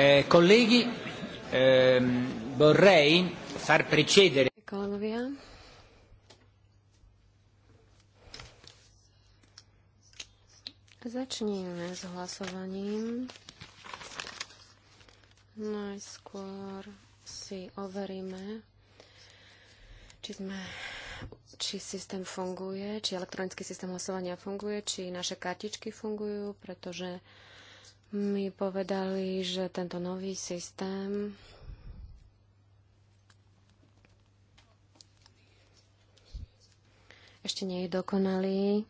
Eh, colleghi, ehm, vorrei far precedere. Kolegovia. Eh. Začníme s hlasovaním. Najskôr si overíme, či sme či systém funguje, či elektronický systém hlasovania funguje, či naše kartičky fungujú, pretože mi povedali, že tento nový systém ešte nie je dokonalý,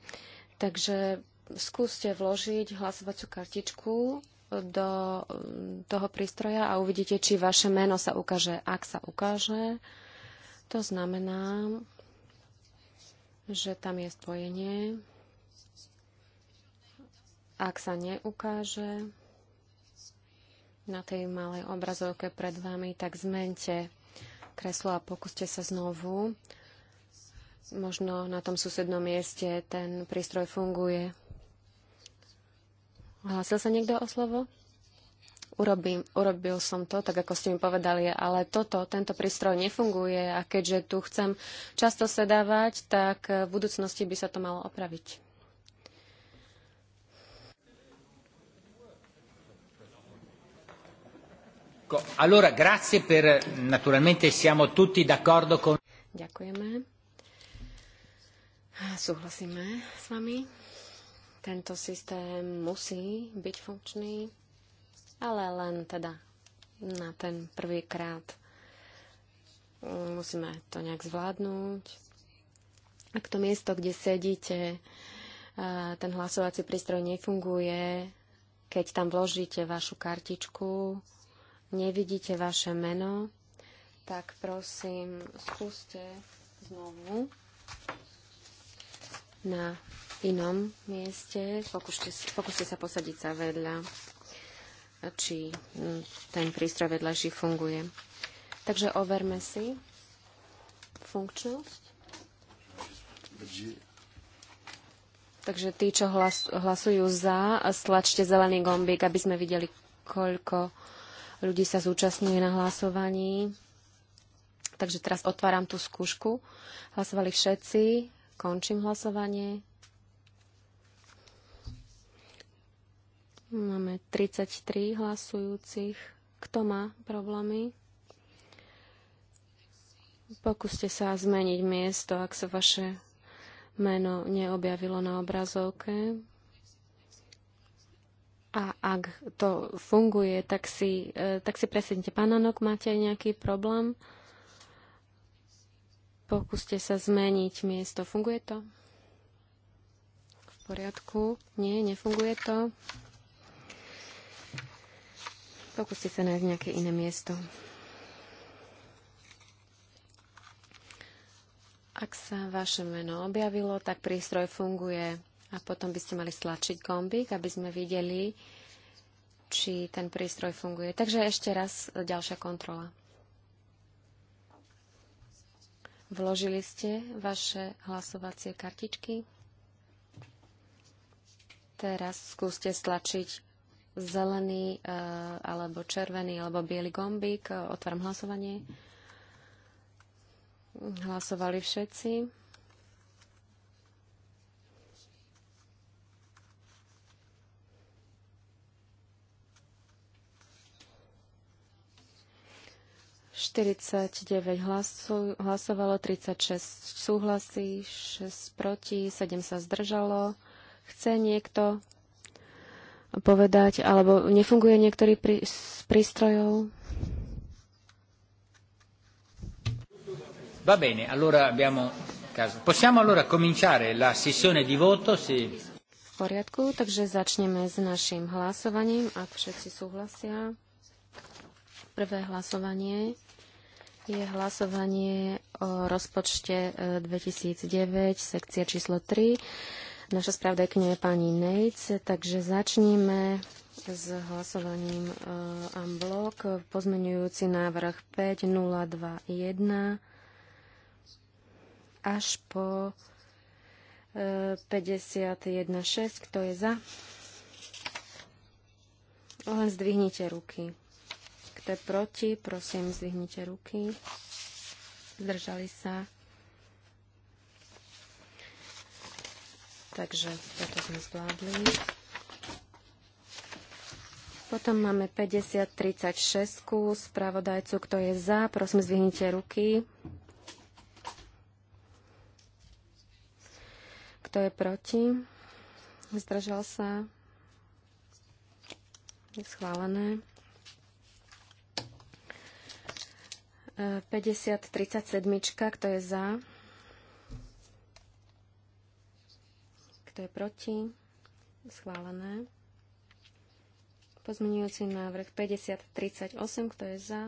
takže skúste vložiť hlasovaciu kartičku do mm, toho prístroja a uvidíte, či vaše meno sa ukáže. Ak sa ukáže, to znamená, že tam je spojenie. Ak sa neukáže na tej malej obrazovke pred vami, tak zmente kreslo a pokúste sa znovu. Možno na tom susednom mieste ten prístroj funguje. Hlásil sa niekto o slovo? Urobím, urobil som to, tak ako ste mi povedali, ale toto, tento prístroj nefunguje a keďže tu chcem často sedávať, tak v budúcnosti by sa to malo opraviť. Allora, grazie per... Naturalmente siamo tutti d'accordo con... Ďakujeme. Súhlasíme s vami. Tento systém musí byť funkčný, ale len teda na ten prvý krát. Musíme to nejak zvládnuť. Ak to miesto, kde sedíte, ten hlasovací prístroj nefunguje, keď tam vložíte vašu kartičku, nevidíte vaše meno, tak prosím, skúste znovu na inom mieste. Pokúste, pokúste sa posadiť sa vedľa, či mm, ten prístroj vedľajší funguje. Takže overme si funkčnosť. Takže tí, čo hlas, hlasujú za, stlačte zelený gombík, aby sme videli, koľko ľudí sa zúčastňuje na hlasovaní. Takže teraz otváram tú skúšku. Hlasovali všetci. Končím hlasovanie. Máme 33 hlasujúcich. Kto má problémy? Pokúste sa zmeniť miesto, ak sa vaše meno neobjavilo na obrazovke. A ak to funguje, tak si, e, tak si presednite. Pán máte nejaký problém? Pokúste sa zmeniť miesto. Funguje to? V poriadku? Nie, nefunguje to. Pokúste sa nájsť nejaké iné miesto. Ak sa vaše meno objavilo, tak prístroj funguje a potom by ste mali stlačiť gombík, aby sme videli, či ten prístroj funguje. Takže ešte raz e, ďalšia kontrola. Vložili ste vaše hlasovacie kartičky. Teraz skúste stlačiť zelený e, alebo červený alebo biely gombík. E, otváram hlasovanie. Hlasovali všetci. 49 hlasu, hlasovalo, 36 súhlasí, 6 proti, 7 sa zdržalo. Chce niekto povedať, alebo nefunguje niektorý prí, z prístrojov? Va bene, allora abbiamo caso. Possiamo allora cominciare la sessione di voto se... V poriadku, takže začneme s našim hlasovaním, ak všetci súhlasia. Prvé hlasovanie je hlasovanie o rozpočte 2009, e, sekcia číslo 3. Naša spravodajkňa je pani Nejc, takže začníme s hlasovaním Amblok. E, Pozmenujúci návrh 5021 až po 51.6. E, Kto je za? Len zdvihnite ruky kto je proti, prosím, zvihnite ruky. Zdržali sa. Takže toto sme zvládli. Potom máme 50-36 spravodajcu, kto je za, prosím, zvihnite ruky. Kto je proti? Zdržal sa? Schválené. 5037, kto je za? Kto je proti? Schválené. Pozmenujúci návrh 5038, kto je za?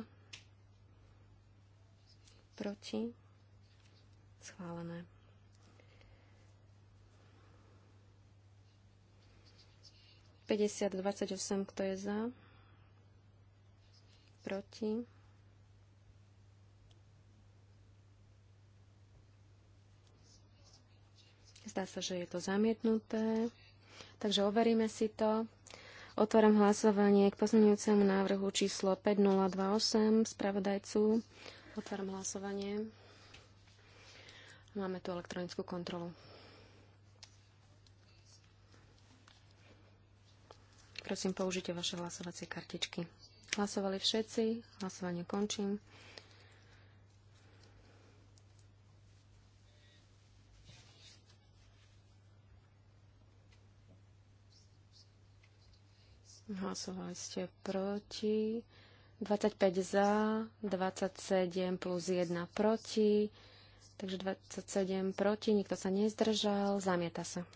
Proti? Schválené. Päťdesiat dvadsať kto je za? Proti? Zdá sa, že je to zamietnuté. Takže overíme si to. Otváram hlasovanie k pozmeňujúcemu návrhu číslo 5028 spravodajcu. Otváram hlasovanie. Máme tu elektronickú kontrolu. Prosím, použite vaše hlasovacie kartičky. Hlasovali všetci, hlasovanie končím. Hlasovali ste proti. 25 za, 27 plus 1 proti. Takže 27 proti, nikto sa nezdržal, zamieta sa.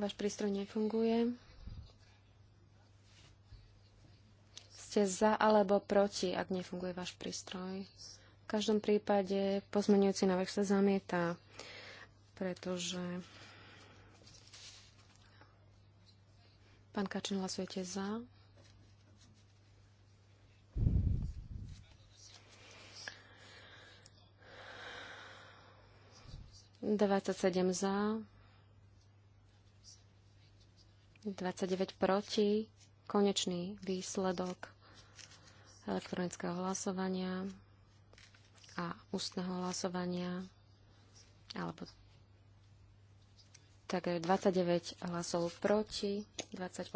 Váš prístroj nefunguje. Ste za alebo proti, ak nefunguje váš prístroj. V každom prípade pozmenujúci návrh sa zamieta, pretože Pán Kačin, hlasujete za. Dvadsať sedem za. 29 proti. Konečný výsledok elektronického hlasovania a ústneho hlasovania alebo tak 29 e, hlasov proti, 28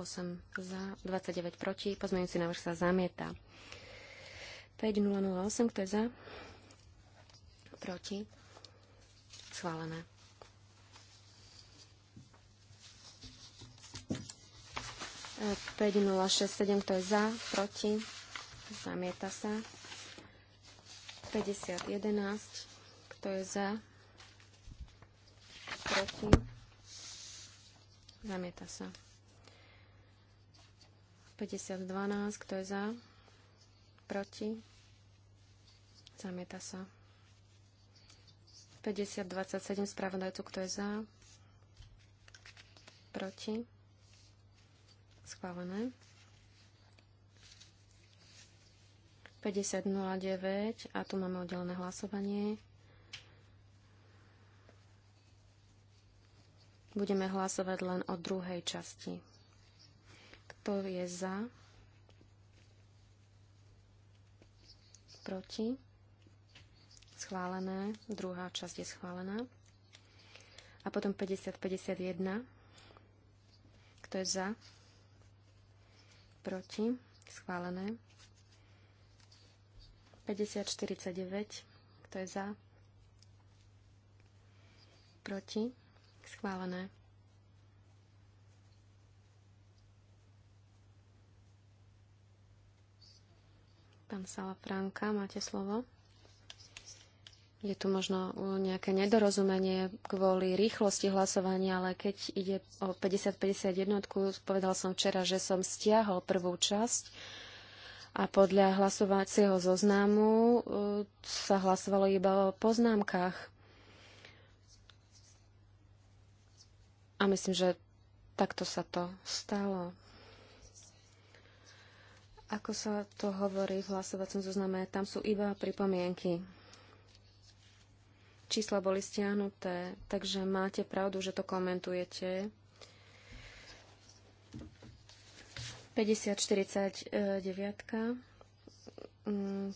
za, 29 proti, pozmeňujúci návrh sa zamieta. 5008, kto je za? Proti? Schválené. E, 5067, kto je za? Proti? Zamieta sa. 5011, kto je za? Proti? Zamieta sa. 50-12, kto je za? Proti? Zamieta sa. 50-27, spravodajcu, kto je za? Proti? Schválené. 50-09, a tu máme oddelené hlasovanie. Budeme hlasovať len o druhej časti. Kto je za? Proti? Schválené. Druhá časť je schválená. A potom 50-51. Kto je za? Proti? Schválené. 50-49. Kto je za? Proti? Schválené. Pán Sala Franka, máte slovo. Je tu možno nejaké nedorozumenie kvôli rýchlosti hlasovania, ale keď ide o 50-51, povedal som včera, že som stiahol prvú časť a podľa hlasovacieho zoznamu e, sa hlasovalo iba o poznámkach. A myslím, že takto sa to stalo. Ako sa to hovorí v hlasovacom zozname, tam sú iba pripomienky. Čísla boli stiahnuté, takže máte pravdu, že to komentujete. 5049. Mm.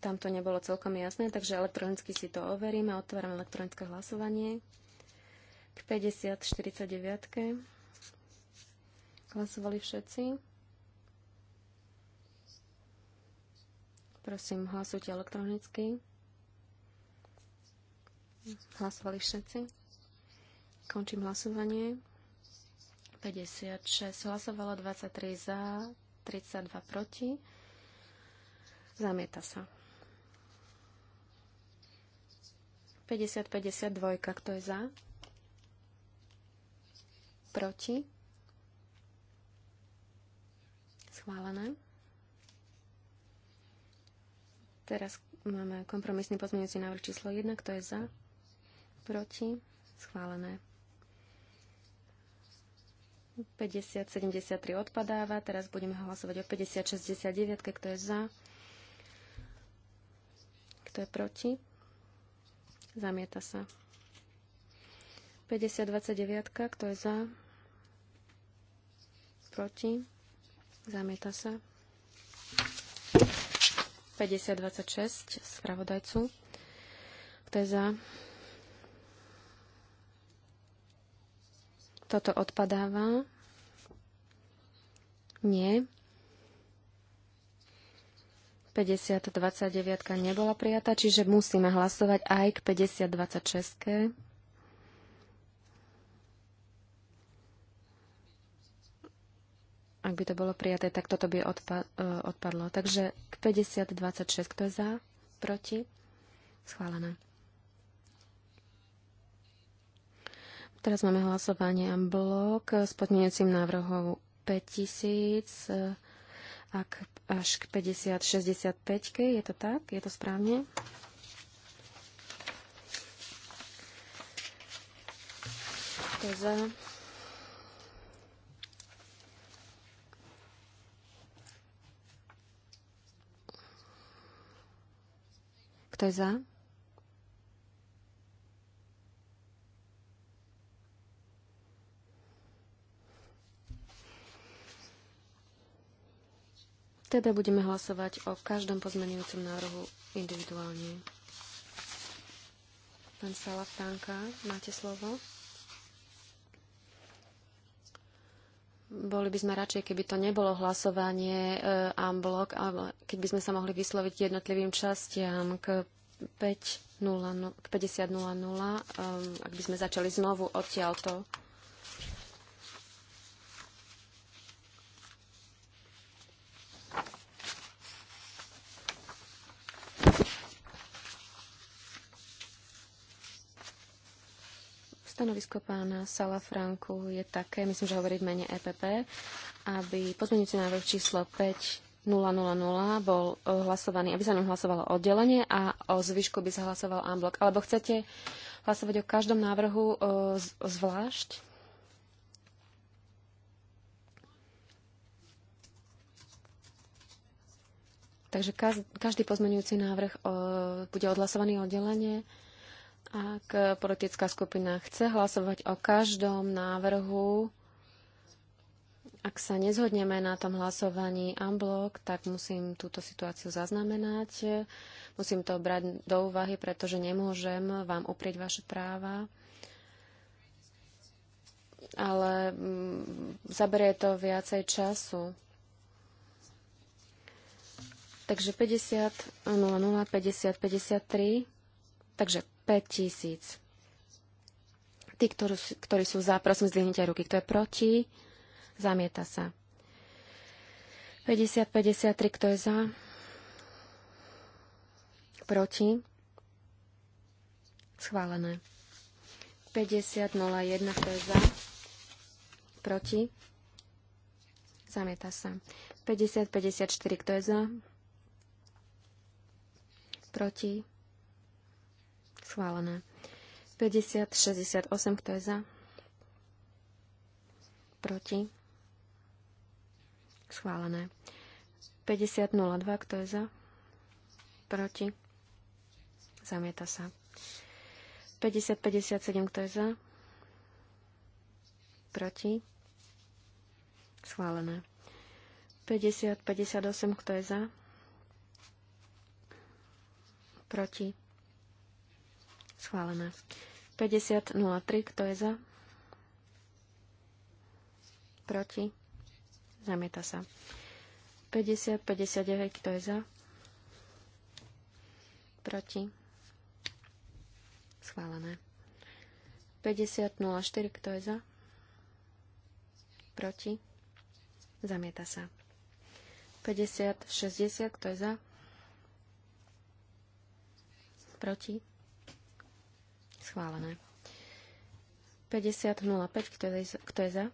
Tam to nebolo celkom jasné, takže elektronicky si to overíme. Otváram elektronické hlasovanie. K 50-49. Hlasovali všetci. Prosím, hlasujte elektronicky. Hlasovali všetci. Končím hlasovanie. 56 hlasovalo, 23 za, 32 proti. Zamieta sa. 50-52, kto je za? Proti? Schválené. Teraz máme kompromisný pozmeňujúci návrh číslo 1. Kto je za? Proti? Schválené. 50, 73 odpadáva. Teraz budeme hlasovať o 50, 69. Kto je za? Kto je proti? Zamieta sa. 50, 29. Kto je za? proti, zamieta sa. 5026 spravodajcu. Kto je za? Toto odpadáva. Nie. 5029 nebola prijatá, čiže musíme hlasovať aj k 5026. Ak by to bolo prijaté, tak toto by odpa- e, odpadlo. Takže k 50-26, kto je za? Proti? Schválené. Teraz máme hlasovanie a blok s podmienujúcim návrhom 5000 e, ak až k 50-65, je to tak? Je to správne? je za Kto je za? Teda budeme hlasovať o každom pozmenujúcom návrhu individuálne. Pán Salafránka, máte slovo. boli by sme radšej, keby to nebolo hlasovanie unblock, e, ale keď by sme sa mohli vysloviť k jednotlivým častiam k 5.00, no, k 50.00, e, ak by sme začali znovu odtiaľto. Stanovisko pána Sala Franku je také, myslím, že hovorí v mene EPP, aby pozmeňujúci návrh číslo 5000 bol eh, hlasovaný, aby sa ňom hlasovalo oddelenie a o zvyšku by sa hlasoval unblock. Alebo chcete hlasovať o každom návrhu eh, zvlášť? Takže každý pozmeňujúci návrh eh, bude odhlasovaný oddelenie. Ak politická skupina chce hlasovať o každom návrhu, ak sa nezhodneme na tom hlasovaní unblock, tak musím túto situáciu zaznamenať. Musím to brať do úvahy, pretože nemôžem vám uprieť vaše práva. Ale mm, zaberie to viacej času. Takže 50, 00, 50, 53. Takže tisíc. Tí, ktorí, ktorí sú za, prosím, zdvihnite ruky. Kto je proti? Zamieta sa. 50, 53, kto je za? Proti? Schválené. 50, 01, kto je za? Proti? Zamieta sa. 50, 54, kto je za? Proti? Schválené. 50, 68, kto je za? Proti? Schválené. 50, 02, kto je za? Proti? Zamieta sa. 50, 57, kto je za? Proti? Schválené. 50, 58, kto je za? Proti? Schválené. 50.03, kto je za? Proti? Zamieta sa. 50.59, kto je za? Proti? Schválené. 50.04, kto je za? Proti? Zamieta sa. 50.60, kto je za? Proti? Schválené. 50.05, kto kto je za?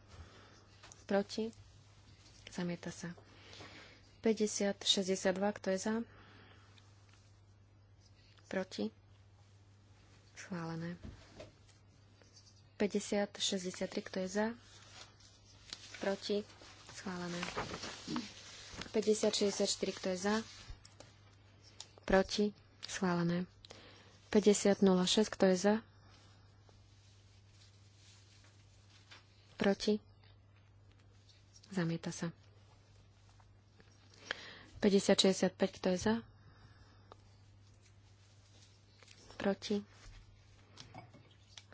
Proti? Zamieta sa. 50.62, kto je za? Proti? Schválené. 50.63, kto je za? Proti? Schválené. 50.64, kto je za? Proti? Schválené. 50.06, kto je za? Proti? Zamieta sa. 50.65, kto je za? Proti?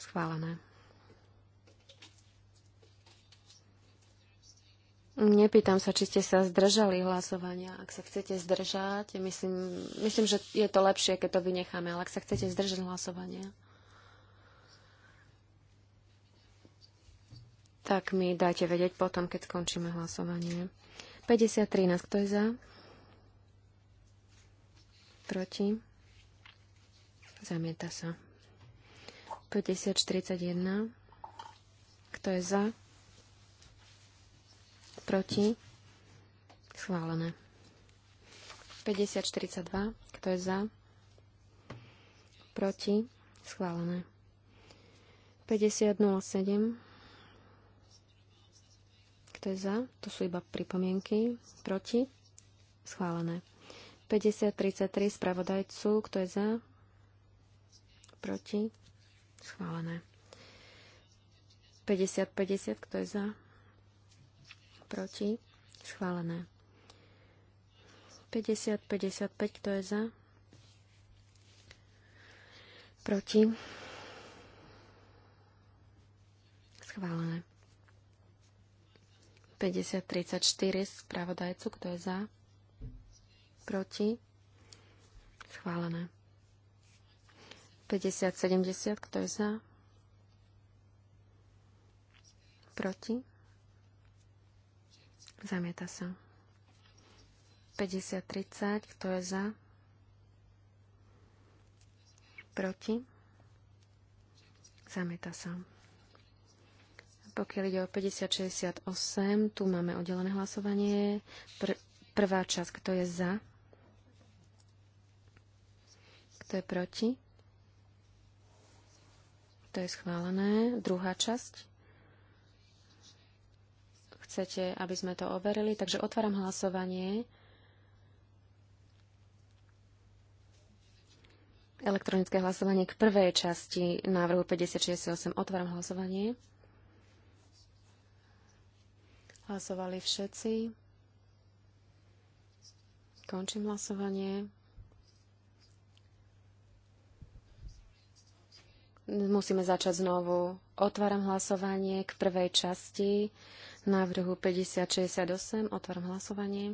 Schválené. Nepýtam sa, či ste sa zdržali hlasovania. Ak sa chcete zdržať, myslím, myslím, že je to lepšie, keď to vynecháme, ale ak sa chcete zdržať hlasovania, tak mi dajte vedieť potom, keď skončíme hlasovanie. nás, kto je za? Proti? Zamieta sa. 5041, kto je za? proti, schválené. 5042, kto je za, proti, schválené. 5007, kto je za, to sú iba pripomienky, proti, schválené. 5033 spravodajcu, kto je za, proti, schválené. 5050, kto je za, proti, schválené. 50-55, kto je za, proti, schválené. 50-34, správodajcu, kto je za, proti, schválené. 50-70, kto je za? Proti? Zamieta sa. 50-30, kto je za? Proti? Zamieta sa. Pokiaľ ide o 50-68, tu máme oddelené hlasovanie. Pr- prvá časť, kto je za? Kto je proti? To je schválené. Druhá časť. Chcete, aby sme to overili? Takže otváram hlasovanie. Elektronické hlasovanie k prvej časti návrhu 5068. Otváram hlasovanie. Hlasovali všetci. Končím hlasovanie. Musíme začať znovu. Otváram hlasovanie k prvej časti návrhu 5068. otvorím hlasovanie.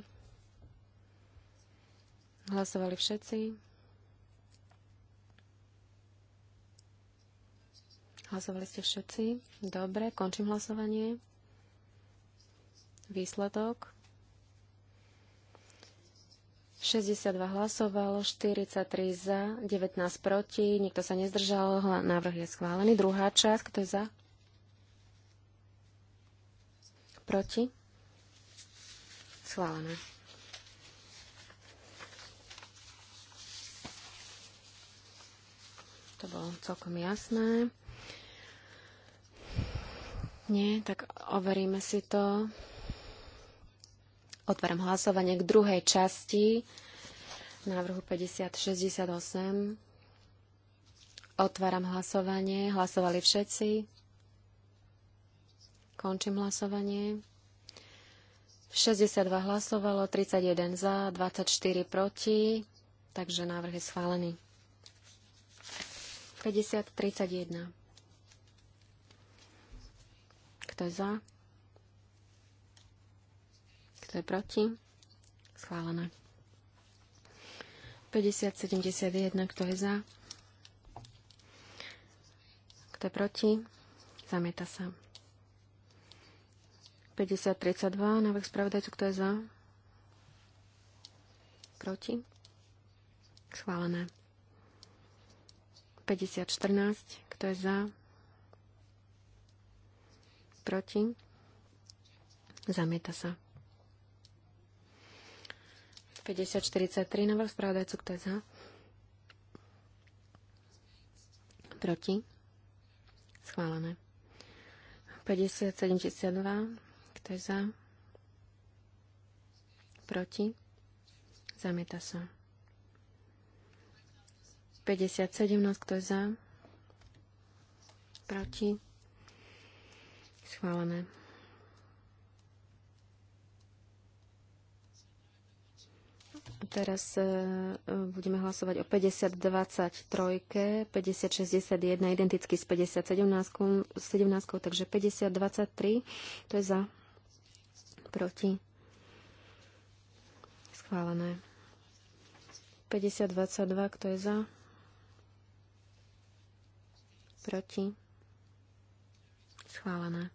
Hlasovali všetci. Hlasovali ste všetci? Dobre, končím hlasovanie. Výsledok. 62 hlasovalo, 43 za, 19 proti, nikto sa nezdržal, návrh je schválený. Druhá časť, kto je za? Proti? Schválené. To bolo celkom jasné. Nie, tak overíme si to. Otváram hlasovanie k druhej časti návrhu 5068. Otváram hlasovanie. Hlasovali všetci. Končím hlasovanie. 62 hlasovalo, 31 za, 24 proti, takže návrh je schválený. 50-31. Kto je za? Kto je proti? Schválené. 50-71. Kto je za? Kto je proti? Zamieta sa. 5032, návrh spravodajcu, kto je za? Proti? Schválené. 5014, kto je za? Proti? Zamieta sa. 5043, návrh spravodajcu, kto je za? Proti? Schválené. 5072, kto je za? Proti? Zamieta sa. 57, Kto je za? Proti? Schválené. Teraz e, e, budeme hlasovať o 50 5061, 50-61, identicky s 50-17, takže 50-23, to je za proti. Schválené. 5022, kto je za? Proti. Schválené.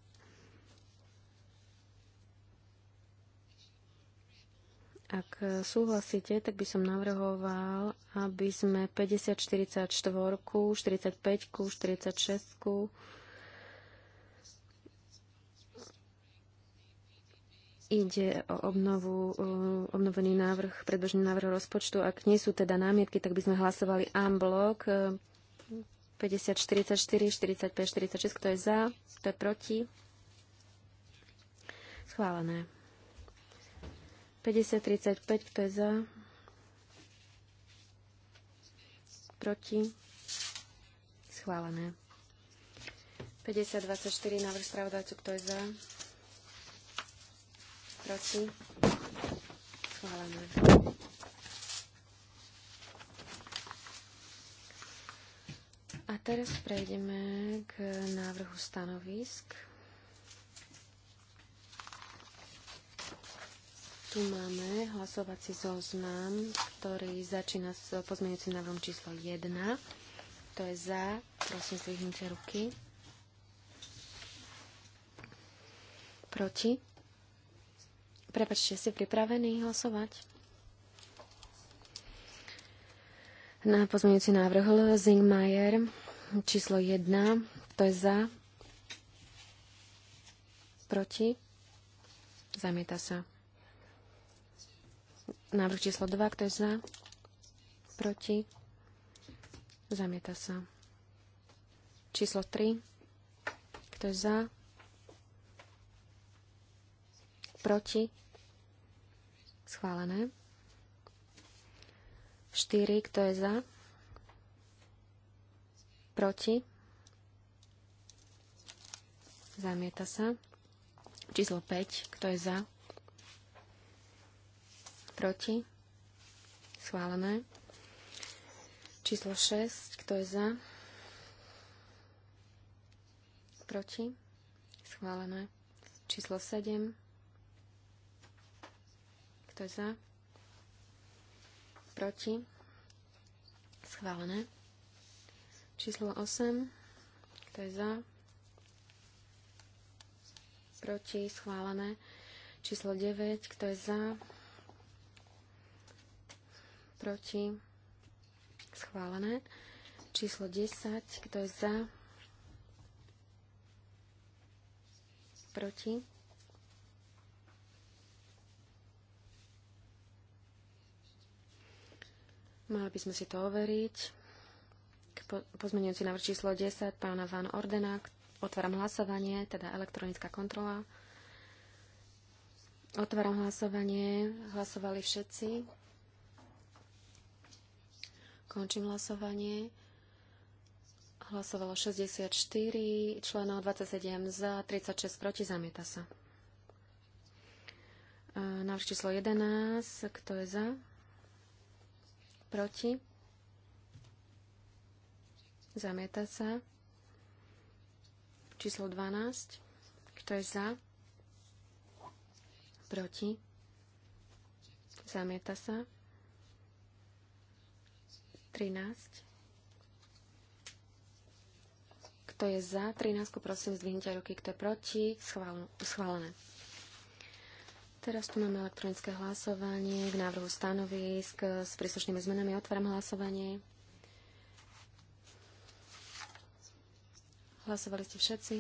Ak súhlasíte, tak by som navrhoval, aby sme 50, 44, 45, 46, Ide o obnovu, eh, obnovený návrh, predložený návrh rozpočtu. Ak nie sú teda námietky, tak by sme hlasovali en unblock 50, 44, 45, 46. Kto je za? Kto je proti? Schválené. 50, 35. Kto je za? Proti? Schválené. 50, 24. Návrh spravodajcu. Kto je za? proti, schválené. A teraz prejdeme k návrhu stanovisk. Tu máme hlasovací zoznam, ktorý začína s pozmeňujúcim návrhom číslo 1. To je za. Prosím, zdvihnite ruky. Proti. Prepačte, ste pripravení hlasovať? Na pozmeňujúci návrh Zingmajer číslo 1. To je za. Proti. Zamieta sa. Návrh číslo 2. Kto je za? Proti. Zamieta sa. Číslo 3. Kto je za? proti, schválené. 4, kto je za, proti, zamieta sa. Číslo 5, kto je za, proti, schválené. Číslo 6, kto je za, proti, schválené. Číslo 7, kto je za? Proti? Schválené. Číslo 8. Kto je za? Proti? Schválené. Číslo 9. Kto je za? Proti? Schválené. Číslo 10. Kto je za? Proti? Mali by sme si to overiť. K po, pozmeňujúci návrh číslo 10 pána Van Ordena. Otváram hlasovanie, teda elektronická kontrola. Otváram hlasovanie. Hlasovali všetci. Končím hlasovanie. Hlasovalo 64 členov, 27 za, 36 proti, zamieta sa. E, návrh číslo 11. Kto je za? proti, zamieta sa. Číslo 12, kto je za, proti, zamieta sa. 13. Kto je za 13, prosím, zdvihnite ruky, kto je proti, schválené. Teraz tu máme elektronické hlasovanie k návrhu stanovisk s príslušnými zmenami. Otváram hlasovanie. Hlasovali ste všetci?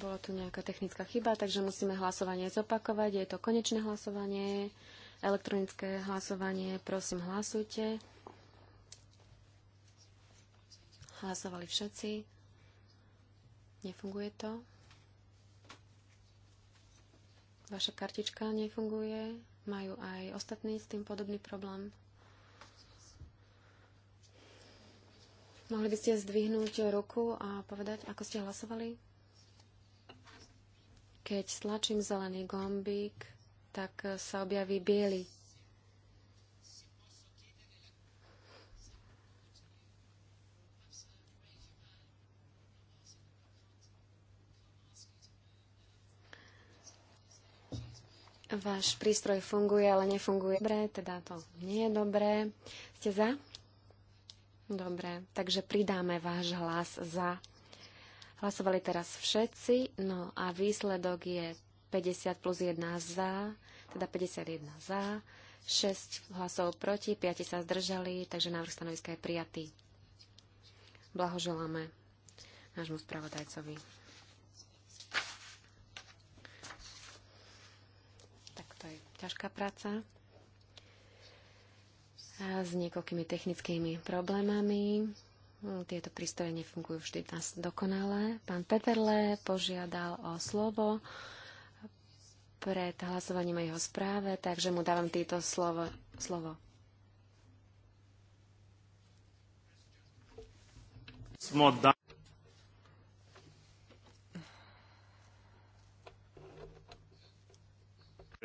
Bola tu nejaká technická chyba, takže musíme hlasovanie zopakovať. Je to konečné hlasovanie. Elektronické hlasovanie, prosím, hlasujte. Hlasovali všetci. Nefunguje to. Vaša kartička nefunguje. Majú aj ostatní s tým podobný problém. Mohli by ste zdvihnúť ruku a povedať, ako ste hlasovali? Keď stlačím zelený gombík, tak sa objaví biely. Váš prístroj funguje, ale nefunguje dobre, teda to nie je dobré. Ste za? Dobre, takže pridáme váš hlas za. Hlasovali teraz všetci, no a výsledok je 50 plus 1 za, teda 51 za, 6 hlasov proti, 5 sa zdržali, takže návrh stanoviska je prijatý. Blahoželáme nášmu spravodajcovi. Tak to je ťažká práca a s niekoľkými technickými problémami. Tieto prístroje nefungujú vždy dokonale. Pán Peterle požiadal o slovo pred hlasovaním o jeho správe, takže mu dávam týto slovo. slovo.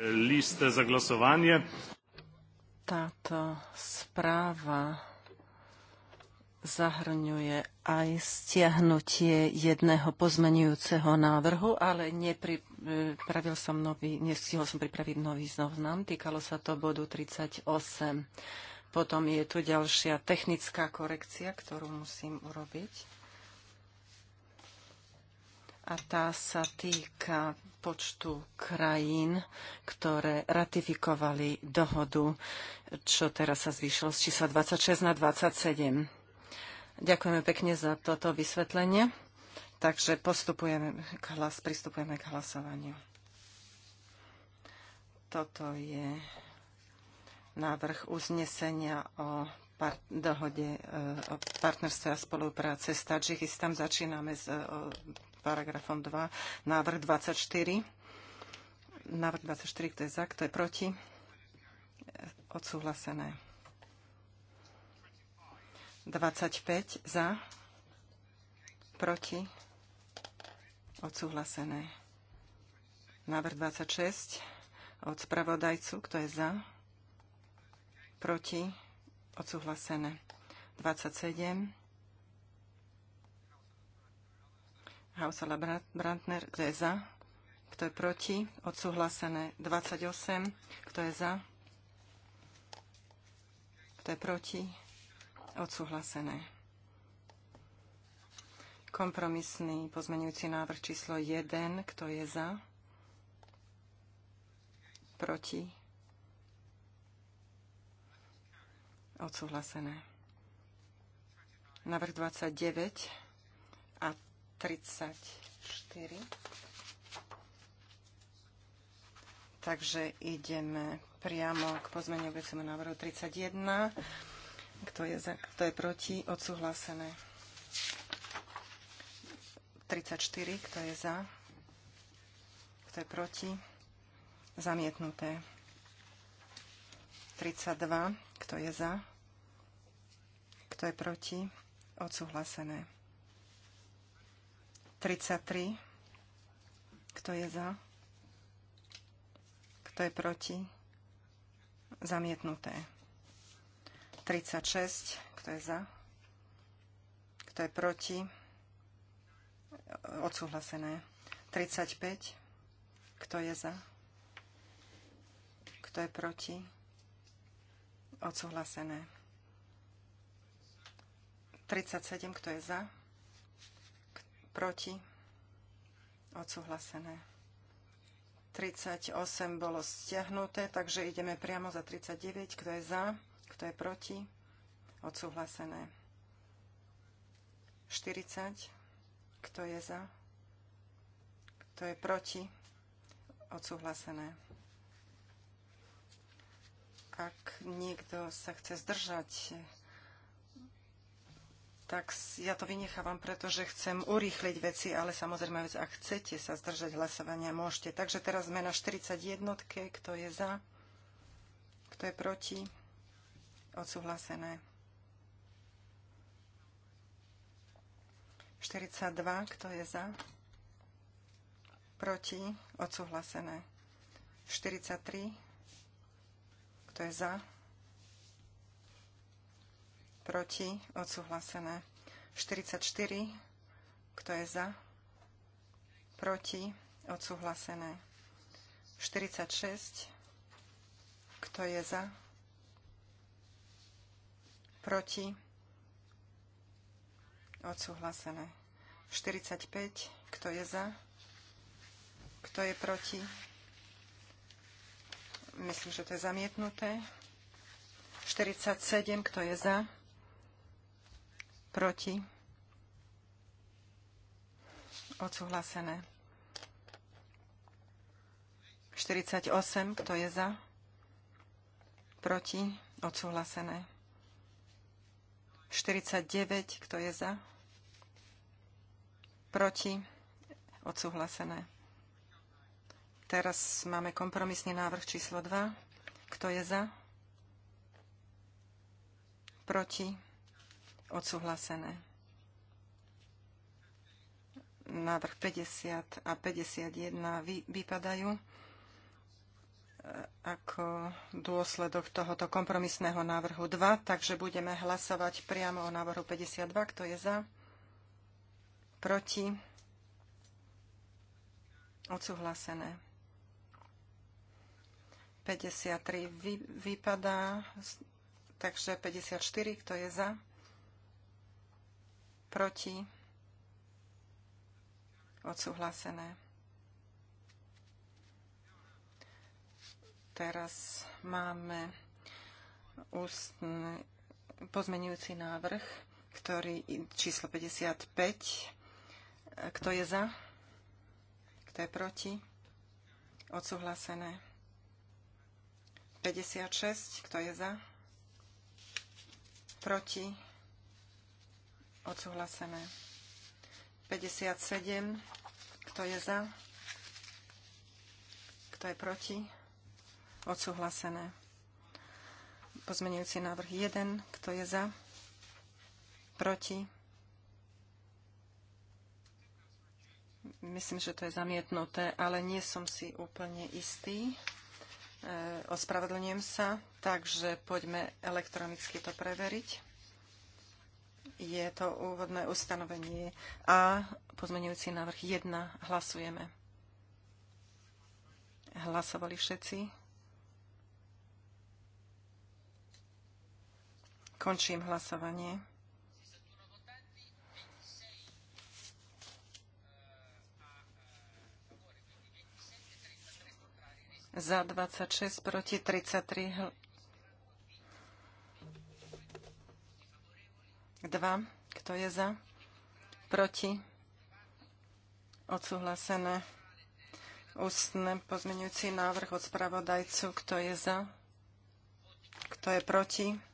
Liste za glasovanie. Táto správa zahrňuje aj stiahnutie jedného pozmenujúceho návrhu, ale nepripravil som nový, nestihol som pripraviť nový zoznam. Týkalo sa to bodu 38. Potom je tu ďalšia technická korekcia, ktorú musím urobiť a tá sa týka počtu krajín, ktoré ratifikovali dohodu, čo teraz sa zvýšilo z čísla 26 na 27. Ďakujeme pekne za toto vysvetlenie. Takže postupujeme k hlas, pristupujeme k hlasovaniu. Toto je návrh uznesenia o par- dohode e, o partnerstve a spolupráce s Tadžikistan. Začíname s e, paragrafom 2, návrh 24. Návrh 24, kto je za, kto je proti? Odsúhlasené. 25 za, proti, odsúhlasené. Návrh 26 od spravodajcu, kto je za, proti, odsúhlasené. 27. Hausala Brandner, kto je za, kto je proti, odsúhlasené. 28, kto je za, kto je proti, Odsúhlasené. Kompromisný pozmenujúci návrh číslo 1. Kto je za? Proti? Odsúhlasené. Návrh 29 a 34. Takže ideme priamo k pozmeňujúcemu návrhu 31 kto je, za, kto je proti? Odsúhlasené. 34. Kto je za? Kto je proti? Zamietnuté. 32. Kto je za? Kto je proti? Odsúhlasené. 33. Kto je za? Kto je proti? Zamietnuté. 36. Kto je za? Kto je proti? Odsúhlasené. 35. Kto je za? Kto je proti? Odsúhlasené. 37. Kto je za? Proti? Odsúhlasené. 38 bolo stiahnuté, takže ideme priamo za 39. Kto je za? Kto je proti? Odsúhlasené. 40. Kto je za? Kto je proti? Odsúhlasené. Ak niekto sa chce zdržať, tak ja to vynechávam, pretože chcem urýchliť veci, ale samozrejme, ak chcete sa zdržať hlasovania, môžete. Takže teraz sme na 41. Kto je za? Kto je proti? odsúhlasené. 42, kto je za? Proti, odsúhlasené. 43, kto je za? Proti, odsúhlasené. 44, kto je za? Proti, odsúhlasené. 46, kto je za? proti, odsúhlasené. 45, kto je za, kto je proti, myslím, že to je zamietnuté. 47, kto je za, proti, odsúhlasené. 48, kto je za, proti, odsúhlasené. 49, kto je za? Proti? Odsúhlasené. Teraz máme kompromisný návrh číslo 2. Kto je za? Proti? Odsúhlasené. Návrh 50 a 51 vypadajú ako dôsledok tohoto kompromisného návrhu 2, takže budeme hlasovať priamo o návrhu 52. Kto je za? Proti? Odsúhlasené. 53 vy, vypadá, takže 54. Kto je za? Proti? Odsúhlasené. Teraz máme ústny pozmenujúci návrh, ktorý číslo 55. Kto je za? Kto je proti? Odsúhlasené. 56. Kto je za? Proti? Odsúhlasené. 57. Kto je za? Kto je proti? Odsúhlasené. Pozmenujúci návrh 1. Kto je za? Proti? Myslím, že to je zamietnuté, ale nie som si úplne istý. E, ospravedlňujem sa, takže poďme elektronicky to preveriť. Je to úvodné ustanovenie A, pozmenujúci návrh 1. Hlasujeme. Hlasovali všetci. Končím hlasovanie. Za 26, proti 33. 2. Kto je za? Proti? Odsúhlasené. Ústne pozmeňujúci návrh od spravodajcu. Kto je za? Kto je proti?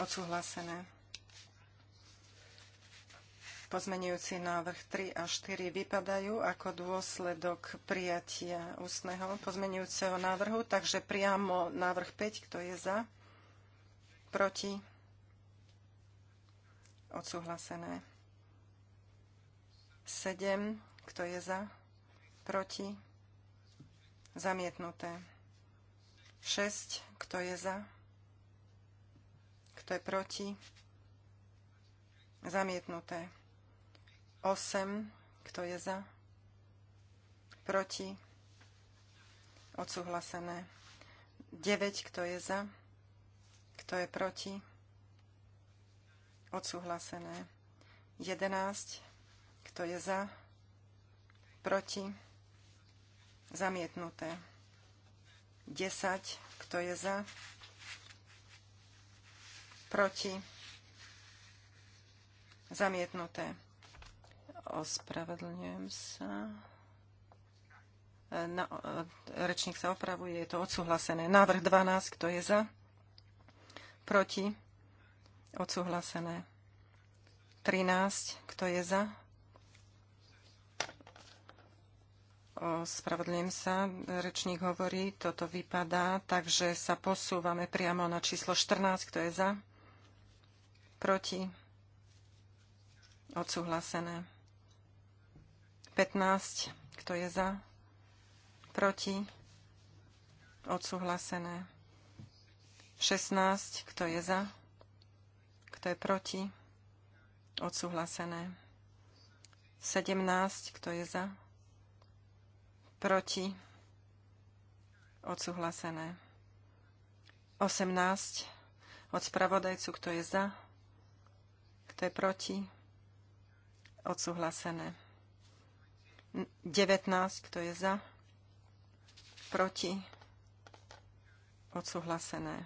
odsúhlasené. Pozmenujúci návrh 3 a 4 vypadajú ako dôsledok prijatia ústneho pozmenujúceho návrhu, takže priamo návrh 5, kto je za, proti, odsúhlasené. 7, kto je za, proti, zamietnuté. 6, kto je za, kto je proti, zamietnuté. 8, kto je za, proti, odsúhlasené. 9, kto je za, kto je proti, odsúhlasené. 11, kto je za, proti, zamietnuté. 10, kto je za, proti, zamietnuté. Ospravedlňujem sa. E, na, no, e, rečník sa opravuje, je to odsúhlasené. Návrh 12, kto je za? Proti? Odsúhlasené. 13, kto je za? Spravodlím sa, rečník hovorí, toto vypadá, takže sa posúvame priamo na číslo 14, kto je za? proti, odsúhlasené. 15, kto je za, proti, odsúhlasené. 16, kto je za, kto je proti, odsúhlasené. 17, kto je za, proti, odsúhlasené. 18, od spravodajcu, kto je za, kto je proti? Odsúhlasené. 19. Kto je za? Proti? Odsúhlasené.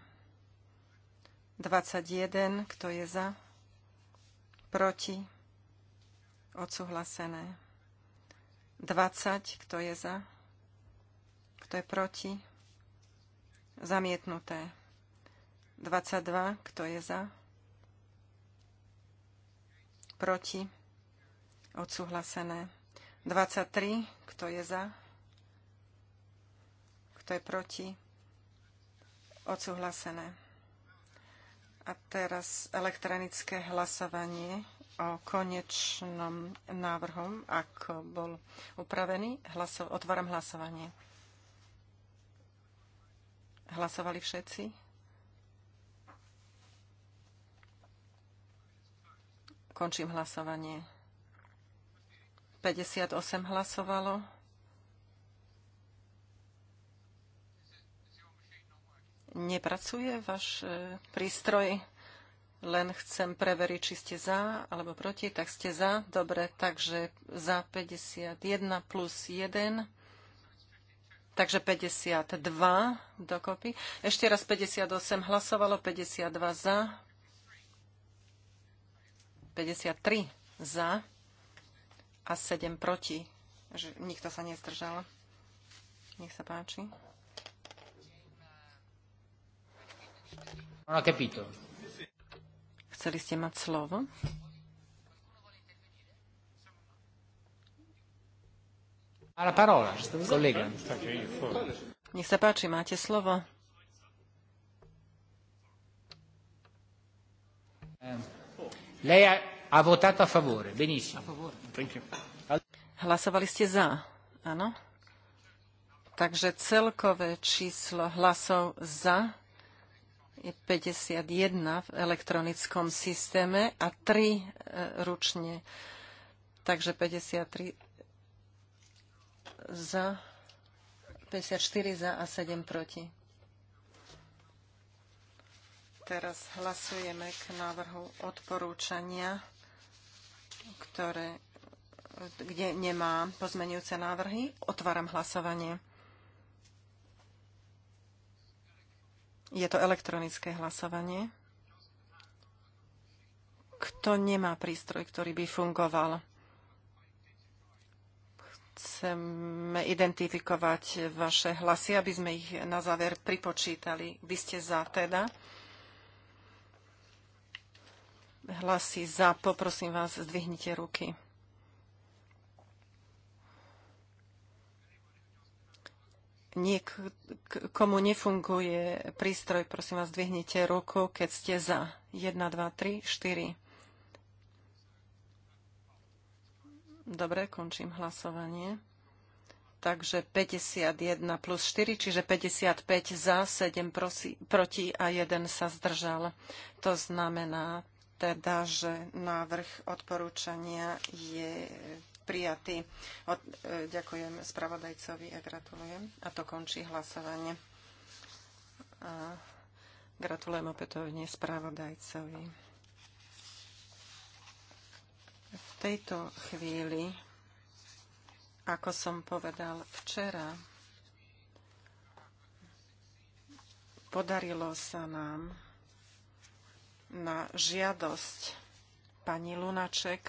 21. Kto je za? Proti? Odsúhlasené. 20. Kto je za? Kto je proti? Zamietnuté. 22. Kto je za? proti, odsúhlasené. 23, kto je za, kto je proti, odsúhlasené. A teraz elektronické hlasovanie o konečnom návrhom, ako bol upravený. Hlaso- otváram hlasovanie. Hlasovali všetci? Končím hlasovanie. 58 hlasovalo. Nepracuje váš e, prístroj? Len chcem preveriť, či ste za alebo proti. Tak ste za. Dobre, takže za 51 plus 1. Takže 52 dokopy. Ešte raz 58 hlasovalo, 52 za, 53 za a 7 proti. Že nikto sa nezdržal. Nech sa páči. Ona ho capito. Chceli ste mať slovo? A la parola, kolega. Nech sa páči, máte slovo. Um. Lei ha, ha votato a favore, benissimo. A favore. Thank you. Hlasovali ste za, áno? Takže celkové číslo hlasov za je 51 v elektronickom systéme a 3 e, ručne. Takže 53 za, 54 za a 7 proti. Teraz hlasujeme k návrhu odporúčania, ktoré, kde nemá pozmenujúce návrhy. Otváram hlasovanie. Je to elektronické hlasovanie. Kto nemá prístroj, ktorý by fungoval? Chceme identifikovať vaše hlasy, aby sme ich na záver pripočítali. Vy ste za teda hlasy za, poprosím vás, zdvihnite ruky. Niek, komu nefunguje prístroj, prosím vás, zdvihnite ruku, keď ste za. 1, 2, 3, 4. Dobre, končím hlasovanie. Takže 51 plus 4, čiže 55 za, 7 prosi, proti a 1 sa zdržal. To znamená, teda, že návrh odporúčania je prijatý. Od, e, ďakujem spravodajcovi a gratulujem. A to končí hlasovanie. A gratulujem opätovne spravodajcovi. V tejto chvíli, ako som povedal včera, podarilo sa nám na žiadosť pani Lunaček.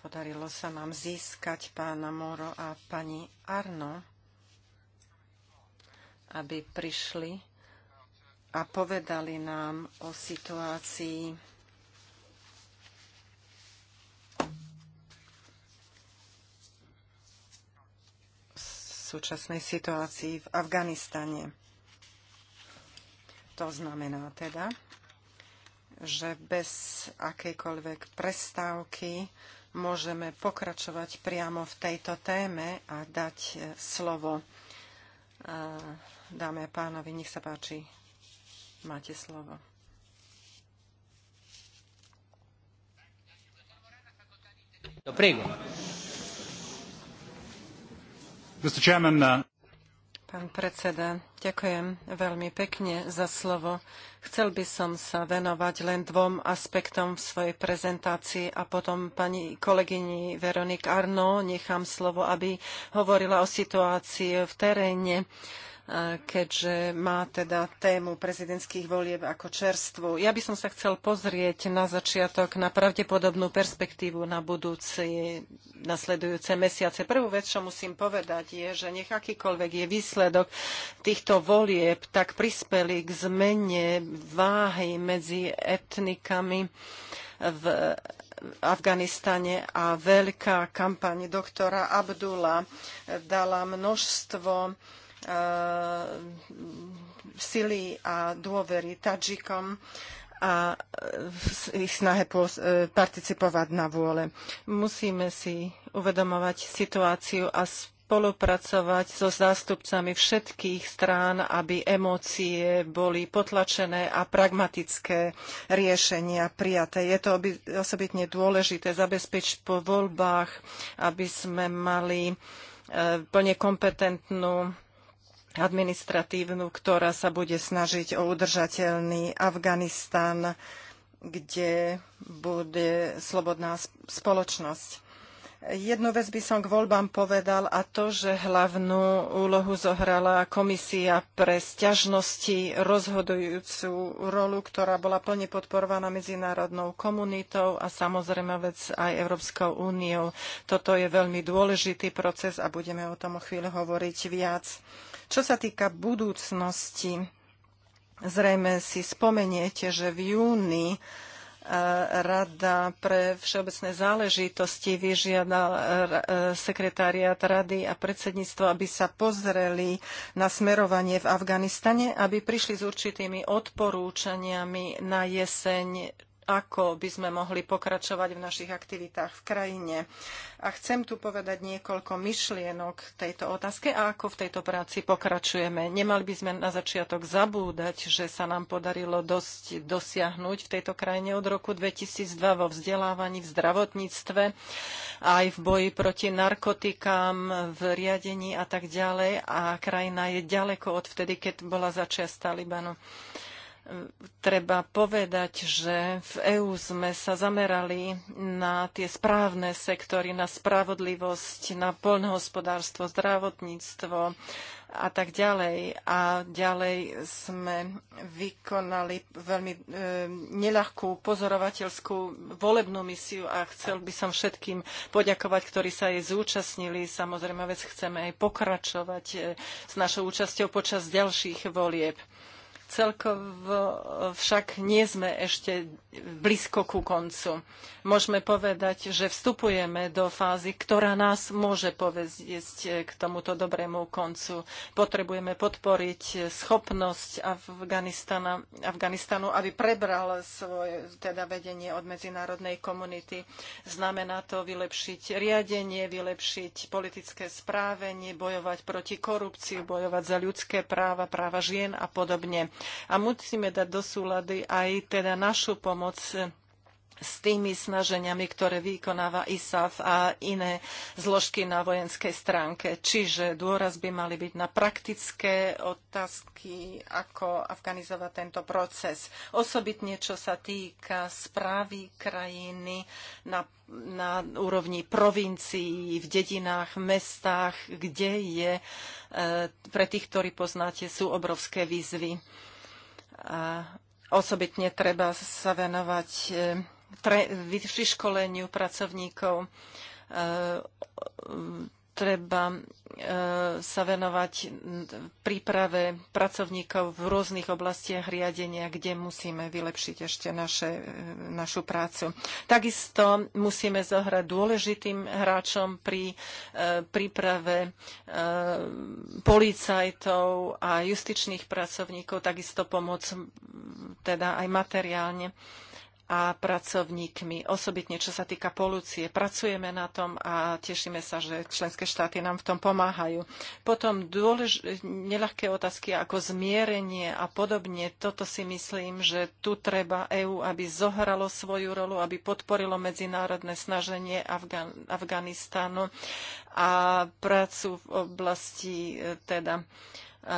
Podarilo sa nám získať pána Moro a pani Arno, aby prišli a povedali nám o situácii súčasnej situácii v Afganistane. To znamená teda, že bez akejkoľvek prestávky môžeme pokračovať priamo v tejto téme a dať e, slovo e, dáme a pánovi. Nech sa páči, máte slovo. Prego. Uh, Pán predseda, ďakujem veľmi pekne za slovo. Chcel by som sa venovať len dvom aspektom v svojej prezentácii a potom pani kolegyni Veronik Arno nechám slovo, aby hovorila o situácii v teréne keďže má teda tému prezidentských volieb ako čerstvu. Ja by som sa chcel pozrieť na začiatok na pravdepodobnú perspektívu na budúci nasledujúce mesiace. Prvú vec, čo musím povedať, je, že nech akýkoľvek je výsledok týchto volieb, tak prispeli k zmene váhy medzi etnikami v Afganistane a veľká kampaň doktora Abdula dala množstvo Eh, sily a dôvery Tadžikom a ich snahe eh, participovať na vôle. Musíme si uvedomovať situáciu a spolupracovať so zástupcami všetkých strán, aby emócie boli potlačené a pragmatické riešenia prijaté. Je to osobitne dôležité zabezpečiť po voľbách, aby sme mali eh, plne kompetentnú administratívnu, ktorá sa bude snažiť o udržateľný Afganistan, kde bude slobodná spoločnosť. Jednu vec by som k voľbám povedal a to, že hlavnú úlohu zohrala komisia pre sťažnosti rozhodujúcu rolu, ktorá bola plne podporovaná medzinárodnou komunitou a samozrejme vec aj Európskou úniou. Toto je veľmi dôležitý proces a budeme o tom o chvíľu hovoriť viac. Čo sa týka budúcnosti, zrejme si spomeniete, že v júni e, Rada pre všeobecné záležitosti vyžiadal e, e, sekretariat rady a predsedníctvo, aby sa pozreli na smerovanie v Afganistane, aby prišli s určitými odporúčaniami na jeseň ako by sme mohli pokračovať v našich aktivitách v krajine. A chcem tu povedať niekoľko myšlienok tejto otázke a ako v tejto práci pokračujeme. Nemali by sme na začiatok zabúdať, že sa nám podarilo dosť dosiahnuť v tejto krajine od roku 2002 vo vzdelávaní, v zdravotníctve, aj v boji proti narkotikám, v riadení a tak ďalej. A krajina je ďaleko od vtedy, keď bola začiat Talibanu treba povedať, že v EÚ sme sa zamerali na tie správne sektory, na spravodlivosť, na poľnohospodárstvo, zdravotníctvo a tak ďalej. A ďalej sme vykonali veľmi e, neľahkú pozorovateľskú volebnú misiu a chcel by som všetkým poďakovať, ktorí sa jej zúčastnili. Samozrejme, vec chceme aj pokračovať e, s našou účasťou počas ďalších volieb. Celkovo však nie sme ešte blízko ku koncu. Môžeme povedať, že vstupujeme do fázy, ktorá nás môže povedieť k tomuto dobrému koncu. Potrebujeme podporiť schopnosť Afganistana, Afganistanu, aby prebral svoje teda vedenie od medzinárodnej komunity. Znamená to vylepšiť riadenie, vylepšiť politické správenie, bojovať proti korupcii, bojovať za ľudské práva, práva žien a podobne. A musíme dať do súlady aj teda našu pomoc s tými snaženiami, ktoré vykonáva ISAF a iné zložky na vojenskej stránke. Čiže dôraz by mali byť na praktické otázky, ako afganizovať tento proces. Osobitne, čo sa týka správy krajiny na, na úrovni provincií, v dedinách, v mestách, kde je, eh, pre tých, ktorí poznáte, sú obrovské výzvy. A osobitne treba sa venovať eh, pre, vyškoleniu pracovníkov. E, treba e, sa venovať príprave pracovníkov v rôznych oblastiach riadenia, kde musíme vylepšiť ešte naše, e, našu prácu. Takisto musíme zohrať dôležitým hráčom pri príprave policajtov a justičných pracovníkov, takisto pomoc teda aj materiálne a pracovníkmi, osobitne čo sa týka polúcie. Pracujeme na tom a tešíme sa, že členské štáty nám v tom pomáhajú. Potom dôlež- neľahké otázky ako zmierenie a podobne. Toto si myslím, že tu treba EÚ, aby zohralo svoju rolu, aby podporilo medzinárodné snaženie Afgan- Afganistánu a prácu v oblasti e, teda e,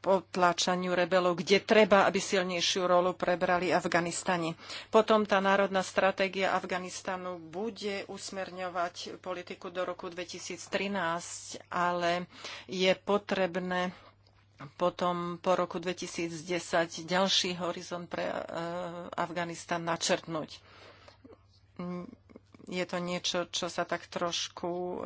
potláčaniu rebelov, kde treba, aby silnejšiu rolu prebrali Afganistani. Potom tá národná stratégia Afganistanu bude usmerňovať politiku do roku 2013, ale je potrebné potom po roku 2010 ďalší horizont pre eh, Afganistan načrtnúť je to niečo, čo sa tak trošku e,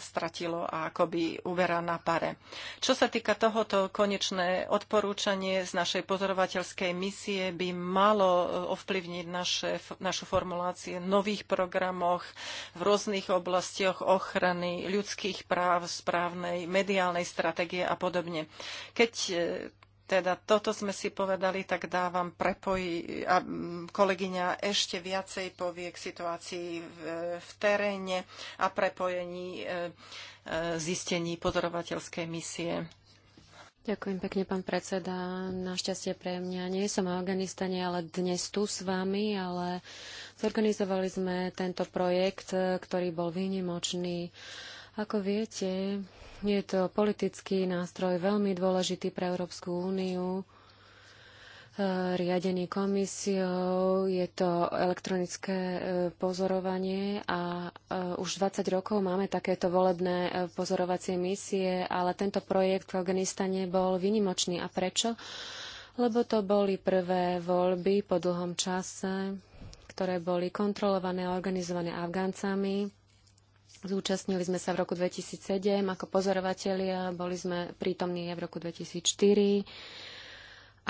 stratilo a akoby uberá na pare. Čo sa týka tohoto, konečné odporúčanie z našej pozorovateľskej misie by malo e, ovplyvniť naše, našu formulácie v nových programoch v rôznych oblastiach ochrany ľudských práv, správnej mediálnej stratégie a podobne. Keď e, teda toto sme si povedali, tak dávam prepoji a mm, kolegyňa ešte viacej povie k situácii v, v teréne a prepojení e, e, zistení pozorovateľskej misie. Ďakujem pekne, pán predseda. Našťastie pre mňa nie som v Afganistane, ale dnes tu s vami, ale zorganizovali sme tento projekt, e, ktorý bol výnimočný. Ako viete, je to politický nástroj veľmi dôležitý pre Európsku úniu, e, riadený komisiou, je to elektronické e, pozorovanie a e, už 20 rokov máme takéto volebné pozorovacie misie, ale tento projekt v Afganistane bol vynimočný. A prečo? Lebo to boli prvé voľby po dlhom čase, ktoré boli kontrolované a organizované Afgáncami Zúčastnili sme sa v roku 2007 ako pozorovatelia, boli sme prítomní aj v roku 2004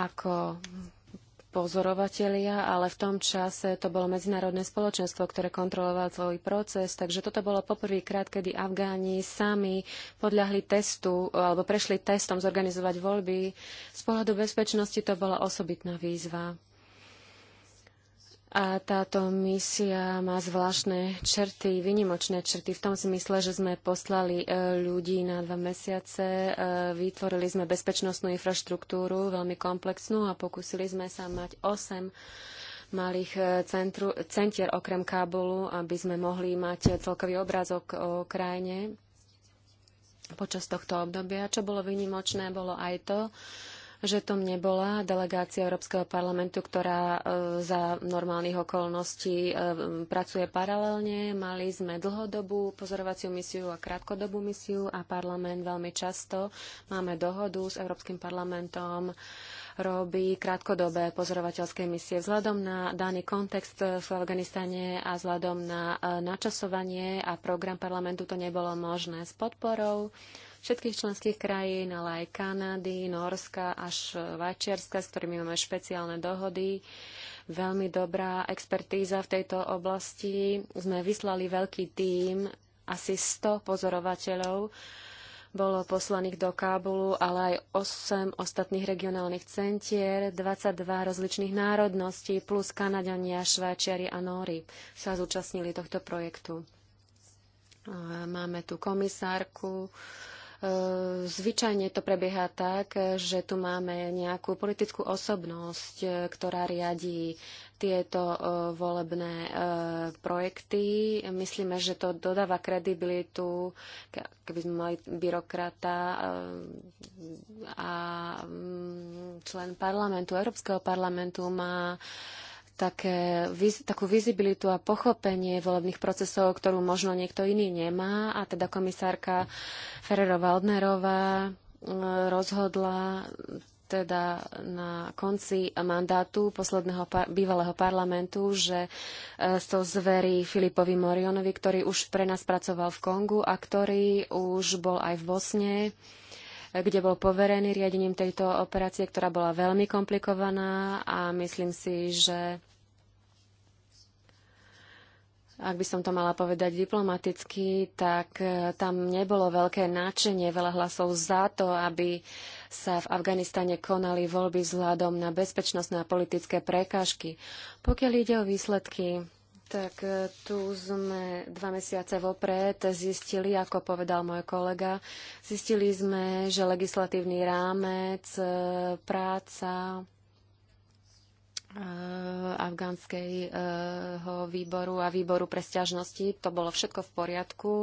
ako pozorovatelia, ale v tom čase to bolo medzinárodné spoločenstvo, ktoré kontrolovalo celý proces, takže toto bolo poprvýkrát, kedy Afgáni sami podľahli testu alebo prešli testom zorganizovať voľby. Z pohľadu bezpečnosti to bola osobitná výzva. A táto misia má zvláštne črty, vynimočné črty, v tom zmysle, že sme poslali e, ľudí na dva mesiace, e, vytvorili sme bezpečnostnú infraštruktúru, veľmi komplexnú a pokúsili sme sa mať 8 malých e, centru, centier okrem Kábulu, aby sme mohli mať celkový obrázok o krajine počas tohto obdobia. Čo bolo vynimočné, bolo aj to, že tom nebola delegácia Európskeho parlamentu, ktorá e, za normálnych okolností e, pracuje paralelne. Mali sme dlhodobú pozorovaciu misiu a krátkodobú misiu a parlament veľmi často máme dohodu s Európskym parlamentom robí krátkodobé pozorovateľské misie. Vzhľadom na daný kontext v Afganistane a vzhľadom na e, načasovanie a program parlamentu to nebolo možné s podporou všetkých členských krajín, ale aj Kanady, Norska až Švajčiarska, s ktorými máme špeciálne dohody. Veľmi dobrá expertíza v tejto oblasti. Sme vyslali veľký tím, asi 100 pozorovateľov, bolo poslaných do Kábulu, ale aj 8 ostatných regionálnych centier, 22 rozličných národností plus Kanadania, Šváčiari a Nóri sa zúčastnili tohto projektu. Máme tu komisárku Zvyčajne to prebieha tak, že tu máme nejakú politickú osobnosť, ktorá riadi tieto e, volebné e, projekty. Myslíme, že to dodáva kredibilitu, keby sme mali byrokrata e, a mm, člen parlamentu, Európskeho parlamentu má také, takú vizibilitu a pochopenie volebných procesov, ktorú možno niekto iný nemá. A teda komisárka Ferrero-Waldnerová e, rozhodla teda na konci mandátu posledného par- bývalého parlamentu, že to e, zverí Filipovi Morionovi, ktorý už pre nás pracoval v Kongu a ktorý už bol aj v Bosne kde bol poverený riadením tejto operácie, ktorá bola veľmi komplikovaná a myslím si, že ak by som to mala povedať diplomaticky, tak e, tam nebolo veľké náčenie, veľa hlasov za to, aby sa v Afganistane konali voľby vzhľadom na bezpečnostné a politické prekážky. Pokiaľ ide o výsledky tak e, tu sme dva mesiace vopred zistili, ako povedal môj kolega, zistili sme, že legislatívny rámec, e, práca e, afgánskeho výboru a výboru pre sťažnosti, to bolo všetko v poriadku.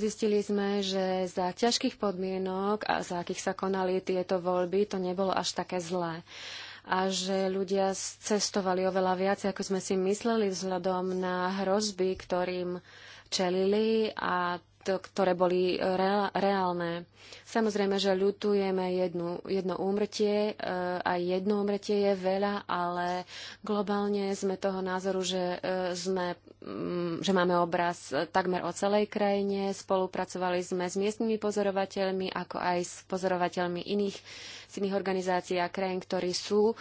Zistili sme, že za ťažkých podmienok a za akých sa konali tieto voľby, to nebolo až také zlé. Uh, a že ľudia cestovali oveľa viac, ako sme si mysleli vzhľadom na hrozby, ktorým čelili a ktoré boli eh, reálne. Samozrejme, že ľutujeme jednu, jedno úmrtie eh, aj jedno úmrtie je veľa, ale globálne sme toho názoru, že, eh, sme, mm, že máme obraz takmer o celej krajine. Spolupracovali sme s miestnymi pozorovateľmi, ako aj s pozorovateľmi iných, z iných organizácií a krajín, ktorí sú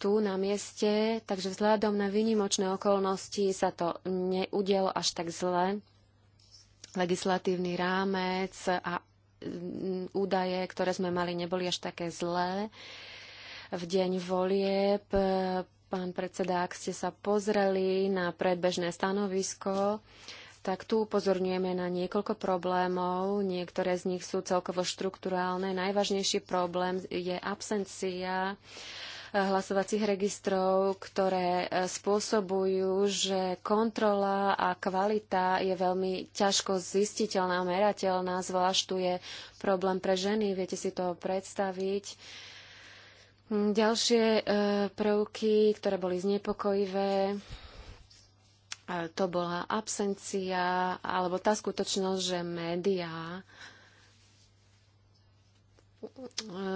tu na mieste, takže vzhľadom na výnimočné okolnosti sa to neudialo až tak zle legislatívny rámec a mm, údaje, ktoré sme mali, neboli až také zlé. V deň volieb, e, pán predseda, ak ste sa pozreli na predbežné stanovisko, tak tu upozorňujeme na niekoľko problémov. Niektoré z nich sú celkovo štruktúrálne. Najvážnejší problém je absencia hlasovacích registrov, ktoré e, spôsobujú, že kontrola a kvalita je veľmi ťažko zistiteľná, merateľná, zvlášť tu je problém pre ženy, viete si to predstaviť. Mm, Ďalšie e, prvky, ktoré boli znepokojivé, e, to bola absencia alebo tá skutočnosť, že médiá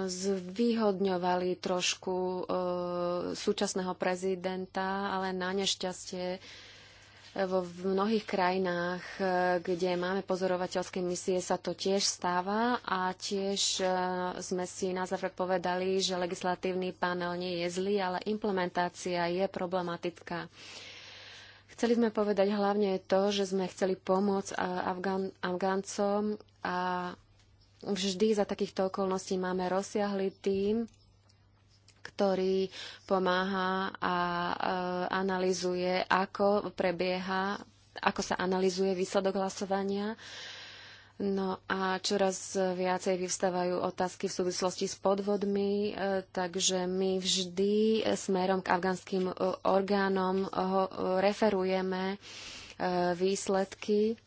zvýhodňovali trošku e, súčasného prezidenta, ale na nešťastie eh, v mnohých krajinách, e, kde máme pozorovateľské misie, sa to tiež stáva a tiež e, sme si na záver povedali, že legislatívny panel nie je zlý, ale implementácia je problematická. Chceli sme povedať hlavne to, že sme chceli pomôcť Afgáncom a Vždy za takýchto okolností máme rozsiahly tým, ktorý pomáha a e, analizuje, ako prebieha, ako sa analizuje výsledok hlasovania. No a čoraz viacej vyvstávajú otázky v súvislosti s podvodmi, e, takže my vždy smerom k afgánskym e, orgánom referujeme výsledky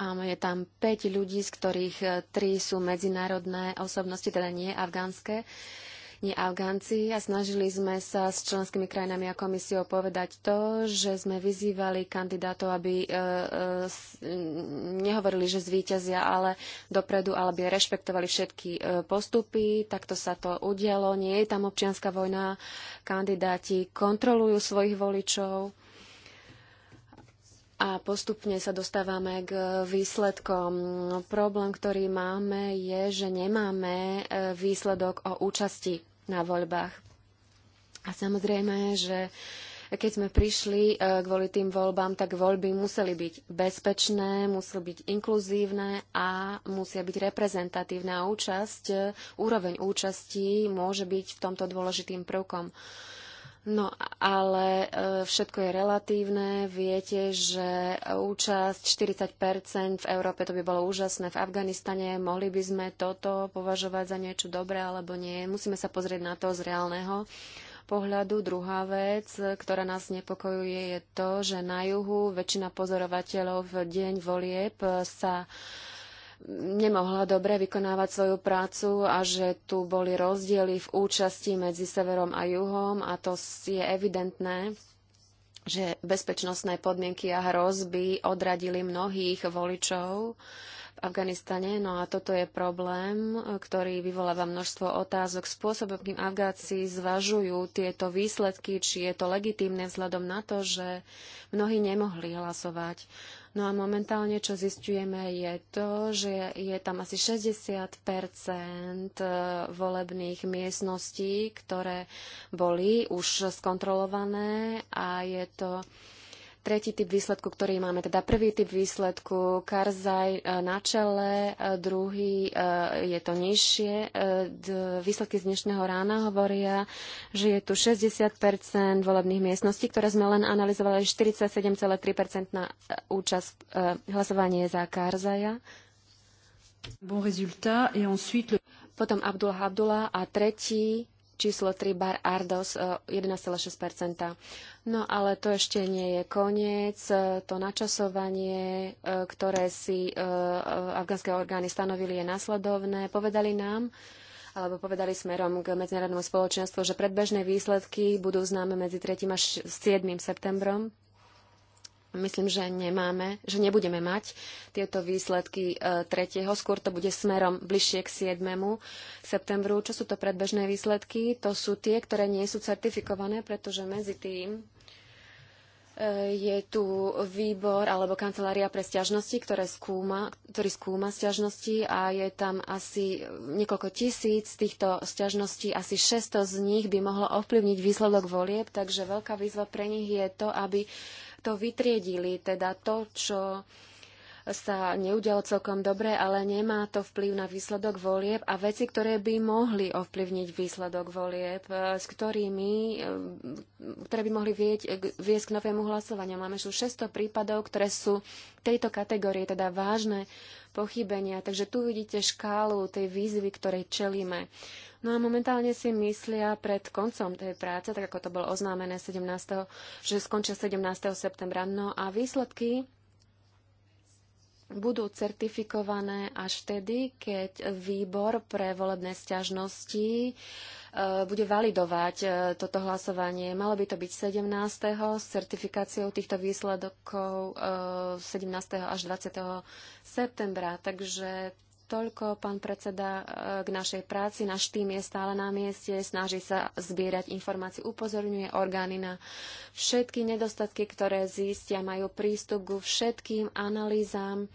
je tam 5 ľudí, z ktorých 3 e, sú medzinárodné osobnosti, teda nie afgánske, nie Afgánci. A snažili sme sa s členskými krajinami a komisiou povedať to, že sme vyzývali kandidátov, aby e, e, nehovorili, že zvíťazia, ale dopredu, alebo rešpektovali všetky postupy. Takto sa to udialo. Nie je tam občianská vojna. Kandidáti kontrolujú svojich voličov a postupne sa dostávame k výsledkom. Problém, ktorý máme, je, že nemáme e, výsledok o účasti na voľbách. A samozrejme, že keď sme prišli e, kvôli tým voľbám, tak voľby museli byť bezpečné, museli byť inkluzívne a musia byť reprezentatívna účasť, e, úroveň účasti môže byť v tomto dôležitým prvkom. No ale e, všetko je relatívne. Viete, že účasť 40% v Európe, to by bolo úžasné. V Afganistane mohli by sme toto považovať za niečo dobré alebo nie. Musíme sa pozrieť na to z reálneho pohľadu. Druhá vec, ktorá nás nepokojuje, je to, že na juhu väčšina pozorovateľov v deň volieb sa nemohla dobre vykonávať svoju prácu a že tu boli rozdiely v účasti medzi severom a juhom a to je evidentné že bezpečnostné podmienky a hrozby odradili mnohých voličov v Afganistane. No a toto je problém, ktorý vyvoláva množstvo otázok. Spôsobom, kým Afgáci zvažujú tieto výsledky, či je to legitímne vzhľadom na to, že mnohí nemohli hlasovať No a momentálne, čo zistujeme, je to, že je tam asi 60 eh, volebných miestností, ktoré boli už skontrolované a je to tretí typ výsledku, ktorý máme. Teda prvý typ výsledku Karzaj e, na čele, e, druhý e, je to nižšie. Výsledky z dnešného rána hovoria, že je tu 60 volebných miestností, ktoré sme len analyzovali, 47,3 na účasť hlasovanie za Karzaja. Bon résultat. Et ensuite... Potom Abdullah Abdullah a tretí číslo 3 bar Ardos 11,6%. Eh, no ale to ešte nie je koniec. Eh, to načasovanie, eh, ktoré si afgánske orgány stanovili, je následovné. Povedali nám, alebo povedali smerom k medzinárodnému spoločenstvu, že predbežné výsledky budú známe medzi 3. až 7. septembrom myslím, že nemáme, že nebudeme mať tieto výsledky e, tretieho. Skôr to bude smerom bližšie k 7. septembru. Čo sú to predbežné výsledky? To sú tie, ktoré nie sú certifikované, pretože medzi tým e, je tu výbor alebo kancelária pre sťažnosti, ktoré skúma, ktorý skúma sťažnosti a je tam asi niekoľko tisíc týchto sťažností, asi 600 z nich by mohlo ovplyvniť výsledok volieb, takže veľká výzva pre nich je to, aby to vytriedili, teda to, čo sa neudialo celkom dobre, ale nemá to vplyv na výsledok volieb a veci, ktoré by mohli ovplyvniť výsledok volieb, e, s ktorými, e, ktoré by mohli vieť, e, viesť k novému hlasovaniu. Máme tu 600 prípadov, ktoré sú tejto kategórie, teda vážne pochybenia. Takže tu vidíte škálu tej výzvy, ktorej čelíme. No a momentálne si myslia pred koncom tej práce, tak ako to bolo oznámené 17., že skončia 17. septembra. No a výsledky budú certifikované až vtedy, keď výbor pre volebné stiažnosti e, bude validovať e, toto hlasovanie. Malo by to byť 17. s certifikáciou týchto výsledkov 17. E, až 20. septembra. Takže Toľko, pán predseda, e, k našej práci. Náš tým je stále na mieste, snaží sa zbierať informácie, upozorňuje orgány na všetky nedostatky, ktoré zistia, majú prístup ku všetkým analýzám e,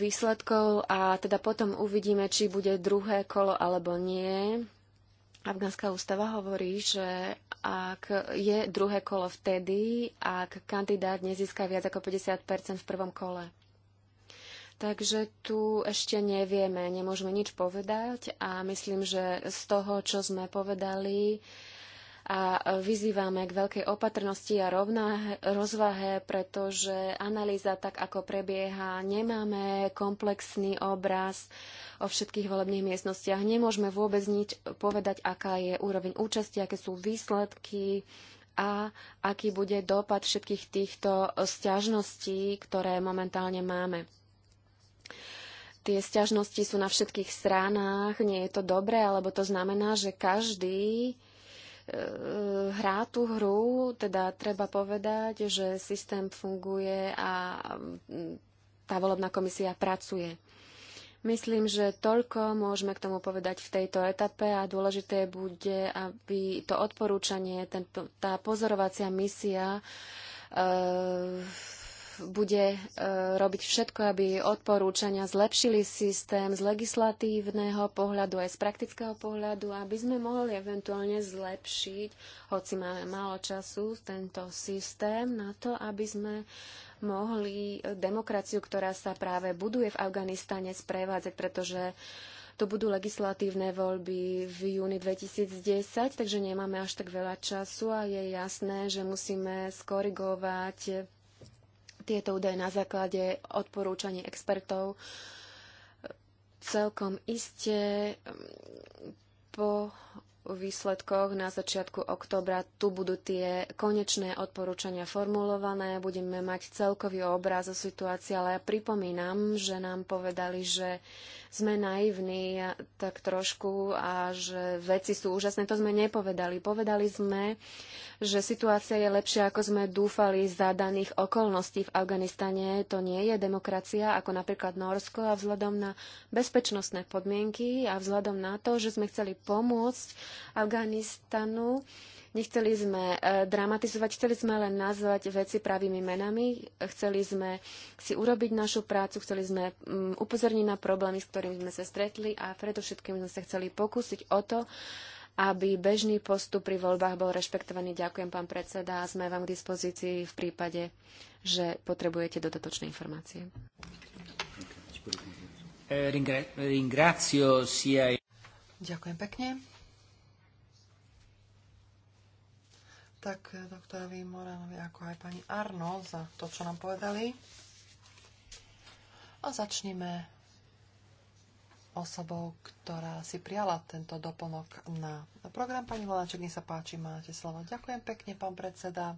výsledkov a teda potom uvidíme, či bude druhé kolo alebo nie. Afgánska ústava hovorí, že ak je druhé kolo vtedy, ak kandidát nezíska viac ako 50 v prvom kole. Takže tu ešte nevieme, nemôžeme nič povedať a myslím, že z toho, čo sme povedali a vyzývame k veľkej opatrnosti a rovná rozvahe, pretože analýza tak, ako prebieha, nemáme komplexný obraz o všetkých volebných miestnostiach. Nemôžeme vôbec nič povedať, aká je úroveň účasti, aké sú výsledky, a aký bude dopad všetkých týchto sťažností, ktoré momentálne máme tie sťažnosti sú na všetkých stranách, nie je to dobré, alebo to znamená, že každý e, hrá tú hru, teda treba povedať, že systém funguje a tá volebná komisia pracuje. Myslím, že toľko môžeme k tomu povedať v tejto etape a dôležité bude, aby to odporúčanie, tento, tá pozorovacia misia e, bude e, robiť všetko, aby odporúčania zlepšili systém z legislatívneho pohľadu aj z praktického pohľadu, aby sme mohli eventuálne zlepšiť, hoci máme málo času, tento systém na to, aby sme mohli demokraciu, ktorá sa práve buduje v Afganistane, sprevádzať, pretože to budú legislatívne voľby v júni 2010, takže nemáme až tak veľa času a je jasné, že musíme skorigovať tieto údaje na základe odporúčaní expertov. Celkom iste mm, po výsledkoch na začiatku oktobra tu budú tie konečné odporúčania formulované, budeme mať celkový obraz o situácii, ale ja pripomínam, že nám povedali, že sme naivní tak trošku a že veci sú úžasné. To sme nepovedali. Povedali sme, že situácia je lepšia, ako sme dúfali za daných okolností v Afganistane. To nie je demokracia, ako napríklad Norsko a vzhľadom na bezpečnostné podmienky a vzhľadom na to, že sme chceli pomôcť Afganistanu, Nechceli sme e, dramatizovať, chceli sme len nazvať veci pravými menami, chceli sme si urobiť našu prácu, chceli sme mm, upozorniť na problémy, s ktorými sme sa stretli a predovšetkým sme sa chceli pokúsiť o to, aby bežný postup pri voľbách bol rešpektovaný. Ďakujem, pán predseda, a sme vám k dispozícii v prípade, že potrebujete dodatočné informácie. Eh, Ďakujem pekne. tak doktorovi Moranovi ako aj pani Arno za to, čo nám povedali. A začneme osobou, ktorá si prijala tento doplnok na program. Pani Voláček, nech sa páči, máte slovo. Ďakujem pekne, pán predseda.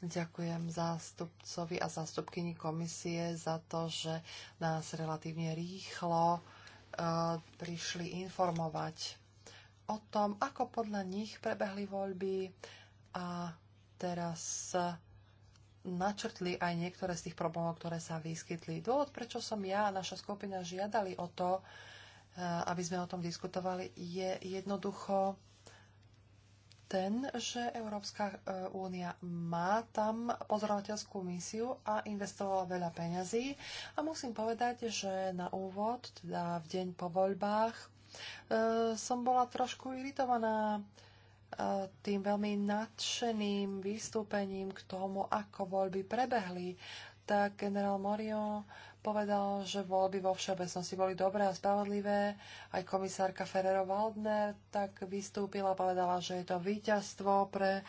Ďakujem zástupcovi a zástupkyni komisie za to, že nás relatívne rýchlo e, prišli informovať o tom, ako podľa nich prebehli voľby, a teraz e, načrtli aj niektoré z tých problémov, ktoré sa vyskytli. Dôvod, prečo som ja a naša skupina žiadali o to, e, aby sme o tom diskutovali, je jednoducho ten, že Európska e, únia má tam pozorovateľskú misiu a investovala veľa peňazí. A musím povedať, že na úvod, teda v deň po voľbách, som bola trošku iritovaná E, tým veľmi nadšeným vystúpením k tomu, ako voľby prebehli, tak generál Morio povedal, že voľby vo všeobecnosti boli dobré a spravodlivé. Aj komisárka Ferrero Waldner tak vystúpila a povedala, že je to víťazstvo pre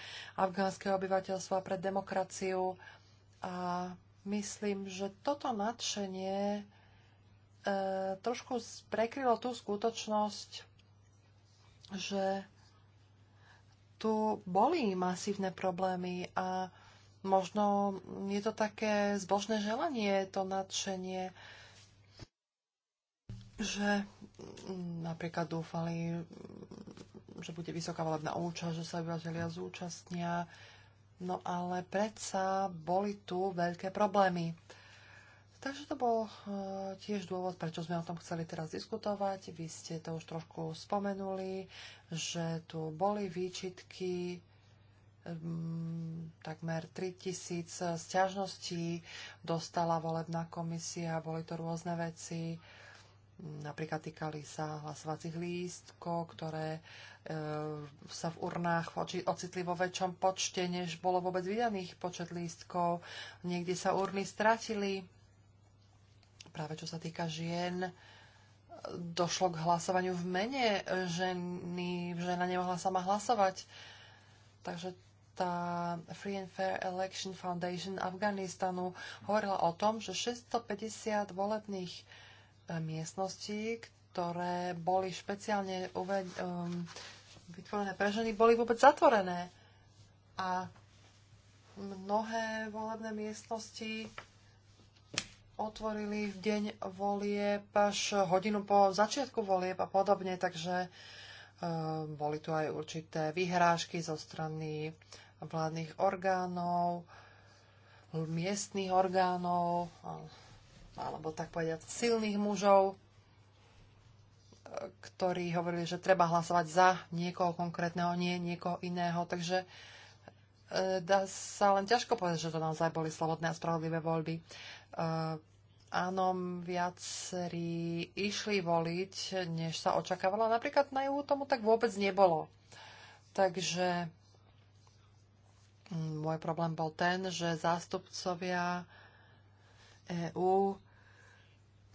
afgánske obyvateľstvo a pre demokraciu. A myslím, že toto nadšenie e, trošku prekrylo tú skutočnosť, že tu boli masívne problémy a možno je to také zbožné želanie, to nadšenie, že napríklad dúfali, že bude vysoká volebná účasť, že sa obyvateľia zúčastnia, no ale predsa boli tu veľké problémy. Takže to bol eh, tiež dôvod, prečo sme o tom chceli teraz diskutovať. Vy ste to už trošku spomenuli, že tu boli výčitky mm, takmer 3000 stiažností dostala volebná komisia, boli to rôzne veci, napríklad týkali sa hlasovacích lístkov, ktoré e, sa v urnách ocitli vo väčšom počte, než bolo vôbec vydaných počet lístkov. Niekde sa urny stratili, práve čo sa týka žien, došlo k hlasovaniu v mene ženy, žena nemohla sama hlasovať. Takže tá Free and Fair Election Foundation Afganistanu hovorila o tom, že 650 volebných e, miestností, ktoré boli špeciálne uveď, um, e, vytvorené pre ženy, boli vôbec zatvorené. A mnohé volebné miestnosti otvorili v deň volieb až hodinu po začiatku volieb a podobne, takže e, boli tu aj určité vyhrážky zo strany vládnych orgánov, miestných orgánov, alebo tak povedať silných mužov, ktorí hovorili, že treba hlasovať za niekoho konkrétneho, nie niekoho iného. Takže e, dá sa len ťažko povedať, že to naozaj boli slobodné a spravodlivé voľby. E, áno, viacerí išli voliť, než sa očakávalo. Napríklad na juhu tomu tak vôbec nebolo. Takže mm, môj problém bol ten, že zástupcovia EÚ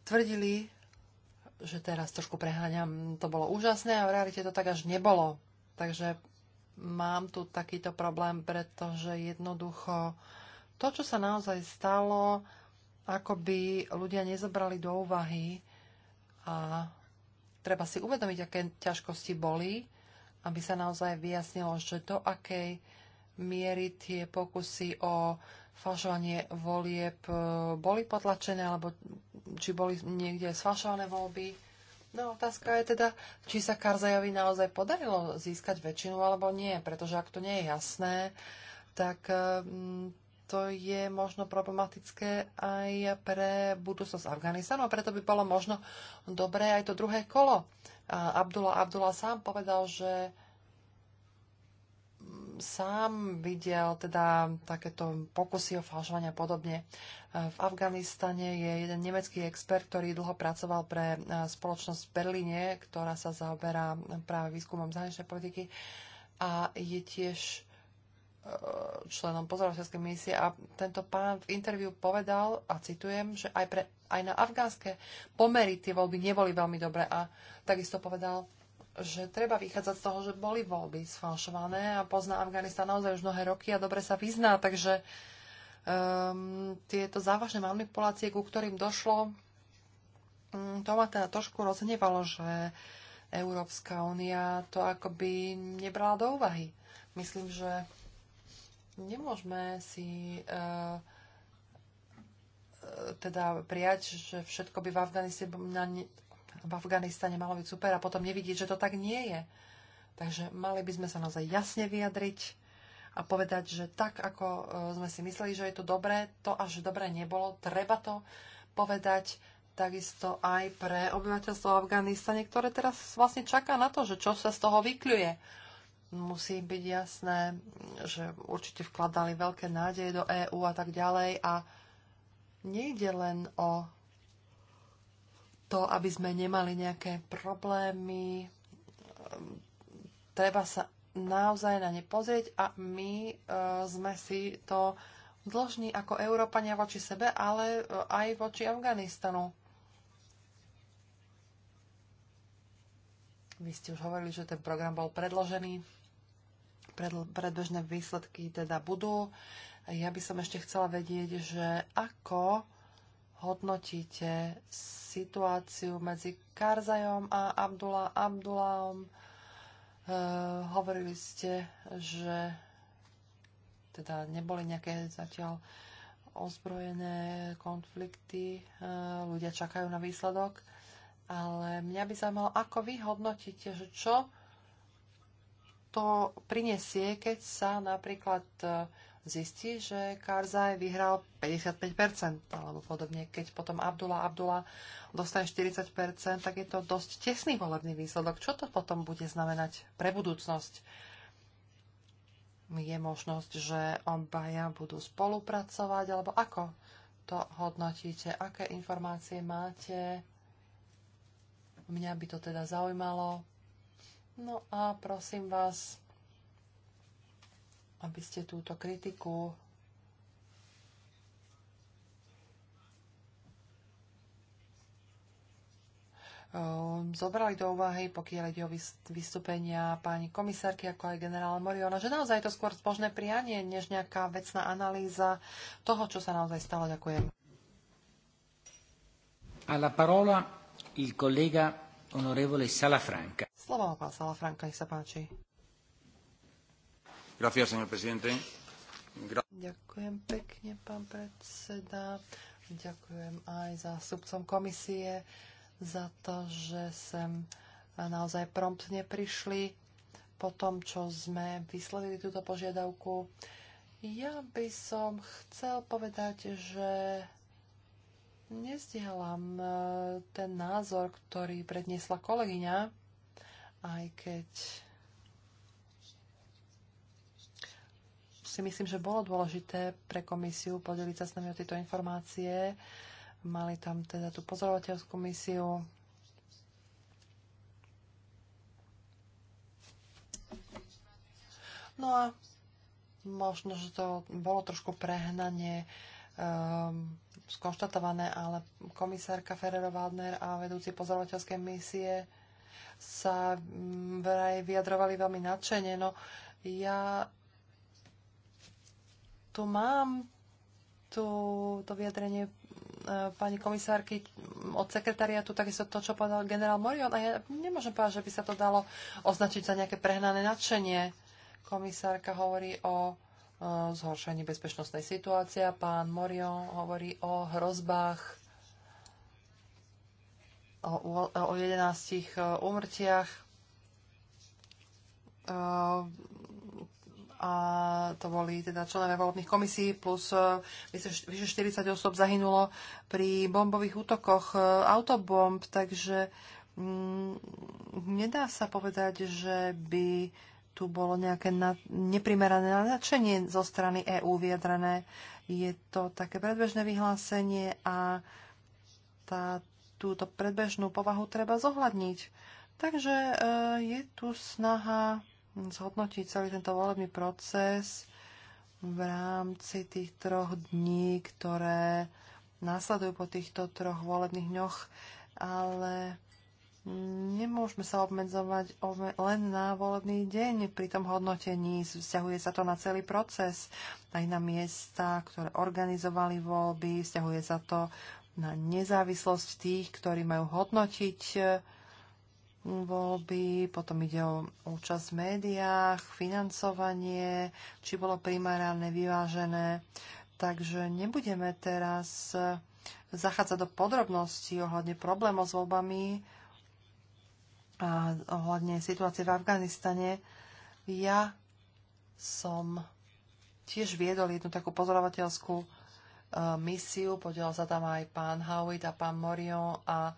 tvrdili, že teraz trošku preháňam, to bolo úžasné a v realite to tak až nebolo. Takže mám tu takýto problém, pretože jednoducho to, čo sa naozaj stalo, ako by ľudia nezobrali do úvahy a treba si uvedomiť, aké ťažkosti boli, aby sa naozaj vyjasnilo, že do akej miery tie pokusy o falšovanie volieb e, boli potlačené, alebo či boli niekde sfalšované voľby. No otázka je teda, či sa Karzajovi naozaj podarilo získať väčšinu alebo nie, pretože ak to nie je jasné, tak mm, to je možno problematické aj pre budúcnosť Afganistanu a preto by bolo možno dobré aj to druhé kolo. Abdullah Abdullah sám povedal, že sám videl teda takéto pokusy o falšovanie a podobne. V Afganistane je jeden nemecký expert, ktorý dlho pracoval pre spoločnosť v Berlíne, ktorá sa zaoberá práve výskumom zahraničnej politiky a je tiež členom pozorovateľskej misie a tento pán v interviu povedal, a citujem, že aj, pre, aj na afgánske pomery tie voľby neboli veľmi dobré a takisto povedal, že treba vychádzať z toho, že boli voľby sfalšované a pozná Afganistan naozaj už mnohé roky a dobre sa vyzná, takže um, tieto závažné manipulácie, ku ktorým došlo, um, to ma teda trošku rozhnevalo, že Európska únia to akoby nebrala do úvahy. Myslím, že Nemôžeme si uh, teda prijať, že všetko by v Afganistane, v Afganistane malo byť super a potom nevidieť, že to tak nie je. Takže mali by sme sa naozaj jasne vyjadriť a povedať, že tak, ako e, sme si mysleli, že je to dobré, to až dobré nebolo. Treba to povedať takisto aj pre obyvateľstvo v Afganistane, ktoré teraz vlastne čaká na to, že čo sa z toho vykľuje musí byť jasné, že určite vkladali veľké nádeje do EÚ a tak ďalej a nejde len o to, aby sme nemali nejaké problémy. Treba sa naozaj na ne pozrieť a my e, sme si to dlžní ako Európania voči sebe, ale e, aj voči Afganistanu Vy ste už hovorili, že ten program bol predložený. Predbežné výsledky teda budú. Ja by som ešte chcela vedieť, že ako hodnotíte situáciu medzi Karzajom a Abdullah Abdullahom. E, hovorili ste, že teda neboli nejaké zatiaľ ozbrojené konflikty. E, ľudia čakajú na výsledok ale mňa by zaujímalo, ako vy hodnotíte, že čo to prinesie, keď sa napríklad e, zistí, že Karzaj vyhral 55% alebo podobne. Keď potom Abdullah Abdullah dostane 40%, tak je to dosť tesný volebný výsledok. Čo to potom bude znamenať pre budúcnosť? Je možnosť, že obaja budú spolupracovať, alebo ako to hodnotíte? Aké informácie máte? Mňa by to teda zaujímalo. No a prosím vás, aby ste túto kritiku um, zobrali do úvahy, pokiaľ ide o vystúpenia pani komisárky, ako aj generála Moriona, že naozaj je to skôr zbožné prianie, než nejaká vecná analýza toho, čo sa naozaj stalo. Ďakujem. A la parola il collega onorevole Salafranca. Slovo pán Salafranca, nech sa páči. Gracias, señor presidente. Gra- Ďakujem pekne, pán predseda. Ďakujem aj zástupcom komisie za to, že sem naozaj promptne prišli po tom, čo sme vyslovili túto požiadavku. Ja by som chcel povedať, že Nezdielam e, ten názor, ktorý predniesla kolegyňa, aj keď si myslím, že bolo dôležité pre komisiu podeliť sa s nami o tieto informácie. Mali tam teda tú pozorovateľskú misiu. No a možno, že to bolo trošku prehnanie um, skonštatované, ale komisárka Ferrero-Waldner a vedúci pozorovateľské misie sa mm, vraj vyjadrovali veľmi nadšene. No ja tu mám tu to vyjadrenie e, pani komisárky od sekretariatu, takisto to, čo povedal generál Morion. A ja nemôžem povedať, že by sa to dalo označiť za nejaké prehnané nadšenie. Komisárka hovorí o zhoršení bezpečnostnej situácie. Pán Morio hovorí o hrozbách, o, o 11 e, úmrtiach e, a to boli teda členovia volebných komisí plus e, vyše 40 osob zahynulo pri bombových útokoch autobomb, takže mm, nedá sa povedať, že by tu bolo nejaké na, neprimerané nadšenie zo strany EÚ vyjadrené. Je to také predbežné vyhlásenie a tá, túto predbežnú povahu treba zohľadniť. Takže e, je tu snaha zhodnotiť celý tento volebný proces v rámci tých troch dní, ktoré následujú po týchto troch volebných dňoch, ale Nemôžeme sa obmedzovať len na volebný deň. Pri tom hodnotení vzťahuje sa to na celý proces, aj na miesta, ktoré organizovali voľby, vzťahuje sa to na nezávislosť tých, ktorí majú hodnotiť e, voľby, potom ide o účasť v médiách, financovanie, či bolo primárne vyvážené. Takže nebudeme teraz e, zachádzať do podrobností ohľadne problémov s voľbami, a ohľadne situácie v Afganistane. Ja som tiež viedol jednu takú pozorovateľskú e, misiu, podielal sa tam aj pán Howitt a pán Morion a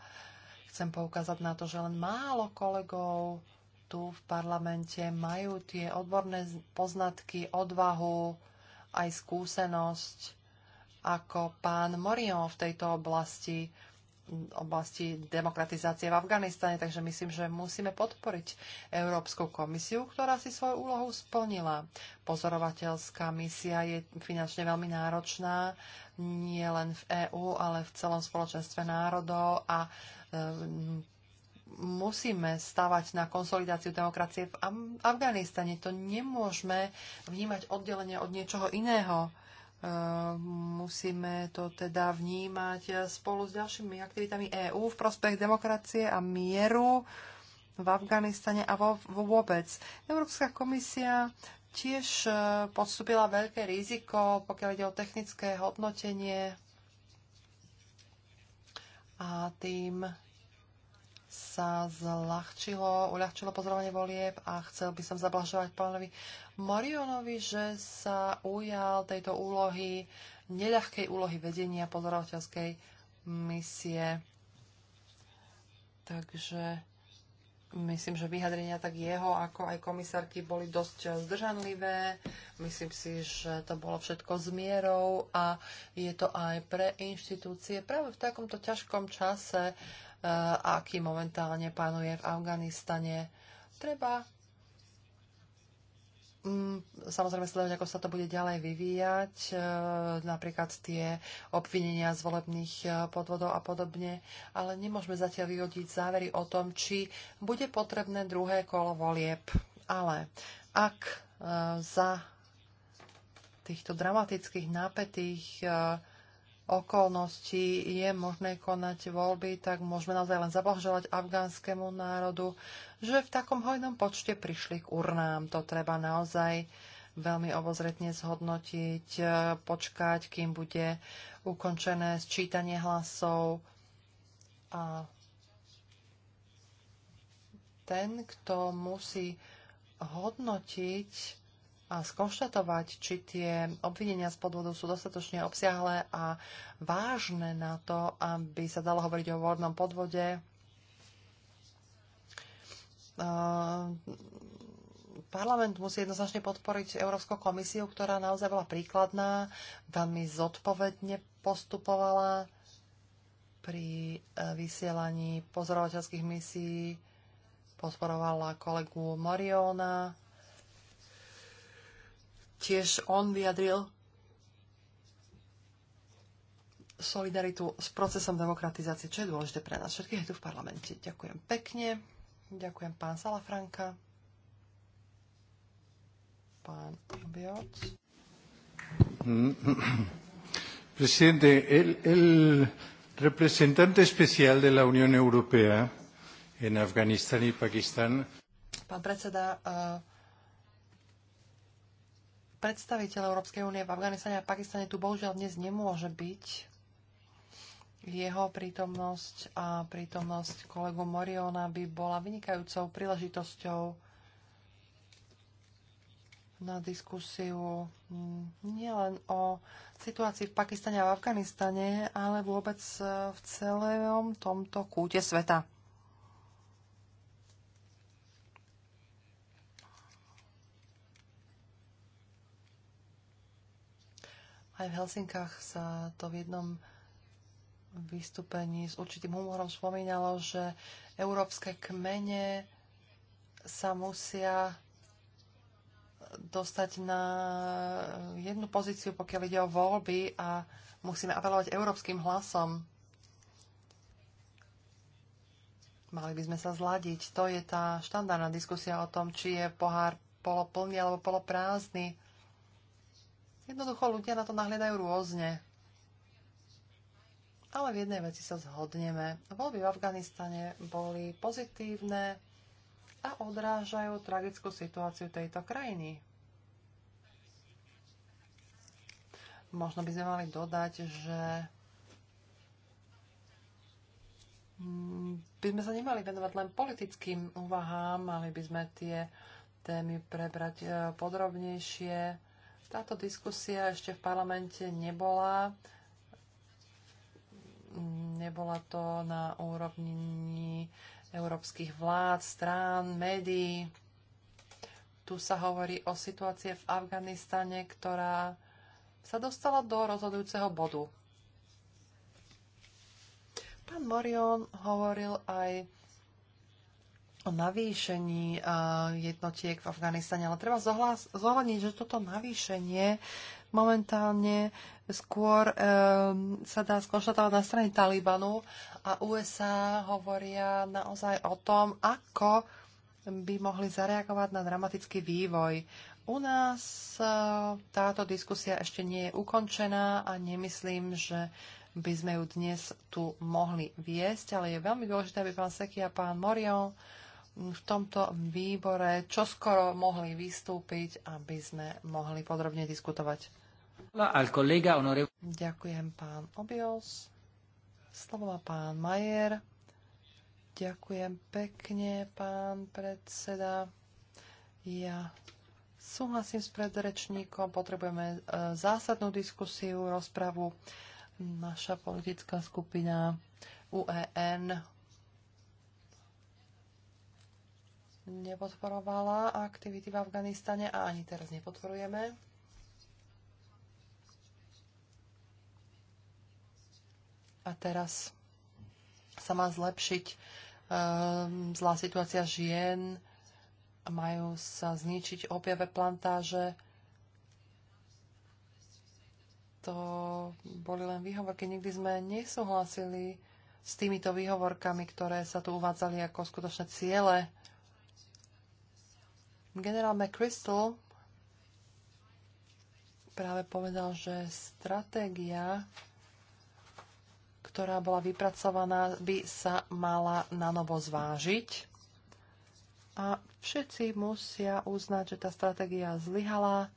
chcem poukázať na to, že len málo kolegov tu v parlamente majú tie odborné poznatky, odvahu, aj skúsenosť ako pán Morion v tejto oblasti oblasti demokratizácie v Afganistane, takže myslím, že musíme podporiť Európsku komisiu, ktorá si svoju úlohu splnila. Pozorovateľská misia je finančne veľmi náročná, nie len v EÚ, ale v celom spoločenstve národov a e, musíme stavať na konsolidáciu demokracie v Afganistane. To nemôžeme vnímať oddelenie od niečoho iného. Eh, musíme to teda vnímať spolu s ďalšími aktivitami EÚ v prospech demokracie a mieru v Afganistane a vo, vôbec. Európska komisia tiež eh, podstúpila veľké riziko, pokiaľ ide o technické hodnotenie a tým sa zľahčilo, uľahčilo pozorovanie volieb a chcel by som zablažovať pánovi Morionovi, že sa ujal tejto úlohy, neľahkej úlohy vedenia pozorovateľskej misie. Takže myslím, že vyhadrenia tak jeho, ako aj komisárky boli dosť zdržanlivé. Myslím si, že to bolo všetko s mierou a je to aj pre inštitúcie práve v takomto ťažkom čase Eh, aký momentálne panuje v Afganistane. Treba mm, samozrejme sledovať, ako sa to bude ďalej vyvíjať, eh, napríklad tie obvinenia z volebných eh, podvodov a podobne, ale nemôžeme zatiaľ vyhodiť závery o tom, či bude potrebné druhé kolo volieb. Ale ak za týchto dramatických, nápetých okolností je možné konať voľby, tak môžeme naozaj len zablahoželať afgánskému národu, že v takom hojnom počte prišli k urnám. To treba naozaj veľmi obozretne zhodnotiť, eh, počkať, kým bude ukončené sčítanie hlasov. A ten, kto musí hodnotiť a skonštatovať, či tie obvinenia z podvodu sú dostatočne obsiahle a vážne na to, aby sa dalo hovoriť o vodnom podvode. Uh, parlament musí jednoznačne podporiť Európsku komisiu, ktorá naozaj bola príkladná, veľmi zodpovedne postupovala pri eh, vysielaní pozorovateľských misií, podporovala kolegu Moriona, Tiež on vyjadril solidaritu s procesom demokratizácie, čo je dôležité pre nás všetkých tu v parlamente. Ďakujem pekne. Ďakujem pán Salafranka. Pán Bioc. Presidente, el, el representante especial de la Unión Europea en Afganistán y Pakistán. Pán predseda, uh, Predstaviteľ Európskej únie v Afganistane a Pakistane tu bohužiaľ dnes nemôže byť. Jeho prítomnosť a prítomnosť kolegu Moriona by bola vynikajúcou príležitosťou na diskusiu mm, nielen o situácii v Pakistane a v Afganistane, ale vôbec eh, v celom tomto kúte sveta. Aj v Helsinkách sa to v jednom vystúpení s určitým humorom spomínalo, že európske kmene sa musia dostať na jednu pozíciu, pokiaľ ide o voľby a musíme apelovať európskym hlasom. Mali by sme sa zladiť. To je tá štandardná diskusia o tom, či je pohár poloplný alebo poloprázdny. Jednoducho ľudia na to nahliadajú rôzne. Ale v jednej veci sa zhodneme. Voľby v Afganistane boli pozitívne a odrážajú tragickú situáciu tejto krajiny. Možno by sme mali dodať, že by sme sa nemali venovať len politickým úvahám, mali by sme tie témy prebrať eh, podrobnejšie táto diskusia ešte v parlamente nebola. Nebola to na úrovni európskych vlád, strán, médií. Tu sa hovorí o situácie v Afganistane, ktorá sa dostala do rozhodujúceho bodu. Pán Morion hovoril aj o navýšení eh, jednotiek v Afganistane, ale treba zohľadniť, že toto navýšenie momentálne skôr um, sa dá skonštatovať na strane Talibanu a USA hovoria naozaj o tom, ako by mohli zareagovať na dramatický vývoj. U nás uh, táto diskusia ešte nie je ukončená a nemyslím, že by sme ju dnes tu mohli viesť, ale je veľmi dôležité, aby pán Seky a pán Morion v tomto výbore čo skoro mohli vystúpiť, aby sme mohli podrobne diskutovať. Ďakujem pán Obios. Slovo má pán Majer. Ďakujem pekne, pán predseda. Ja súhlasím s predrečníkom, potrebujeme e, zásadnú diskusiu, rozpravu. Naša politická skupina UEN nepodporovala aktivity v Afganistane a ani teraz nepodporujeme. A teraz sa má zlepšiť um, zlá situácia žien, majú sa zničiť opiave plantáže. To boli len výhovorky. Nikdy sme nesúhlasili s týmito výhovorkami, ktoré sa tu uvádzali ako skutočné ciele Generál McChrystal práve povedal, že stratégia, ktorá bola vypracovaná, by sa mala na novo zvážiť. A všetci musia uznať, že tá stratégia zlyhala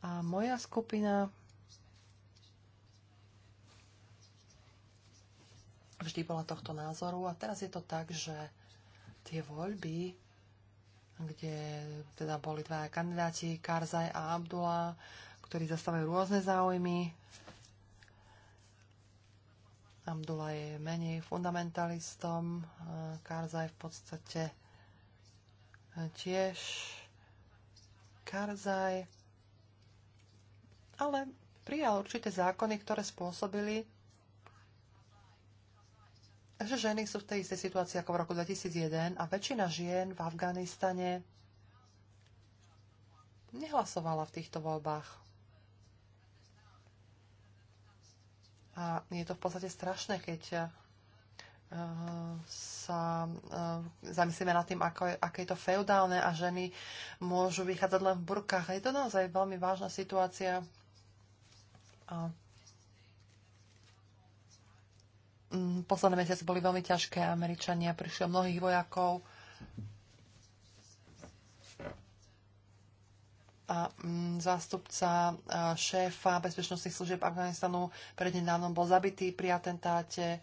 a moja skupina vždy bola tohto názoru a teraz je to tak, že tie voľby kde teda boli dva kandidáti, Karzaj a Abdullah, ktorí zastávajú rôzne záujmy. Abdullah je menej fundamentalistom, Karzaj v podstate e, tiež Karzaj, ale prijal určité zákony, ktoré spôsobili, že ženy sú v tej istej situácii ako v roku 2001 a väčšina žien v Afganistane nehlasovala v týchto voľbách. A je to v podstate strašné, keď eh, sa eh, zamyslíme nad tým, ako je, aké je to feudálne a ženy môžu vychádzať len v burkách. Je to naozaj veľmi vážna situácia. A Mm, posledné mesiace boli veľmi ťažké. Američania prišli o mnohých vojakov. A mm, zástupca šéfa bezpečnostných služieb Afganistanu nedávnom bol zabitý pri atentáte.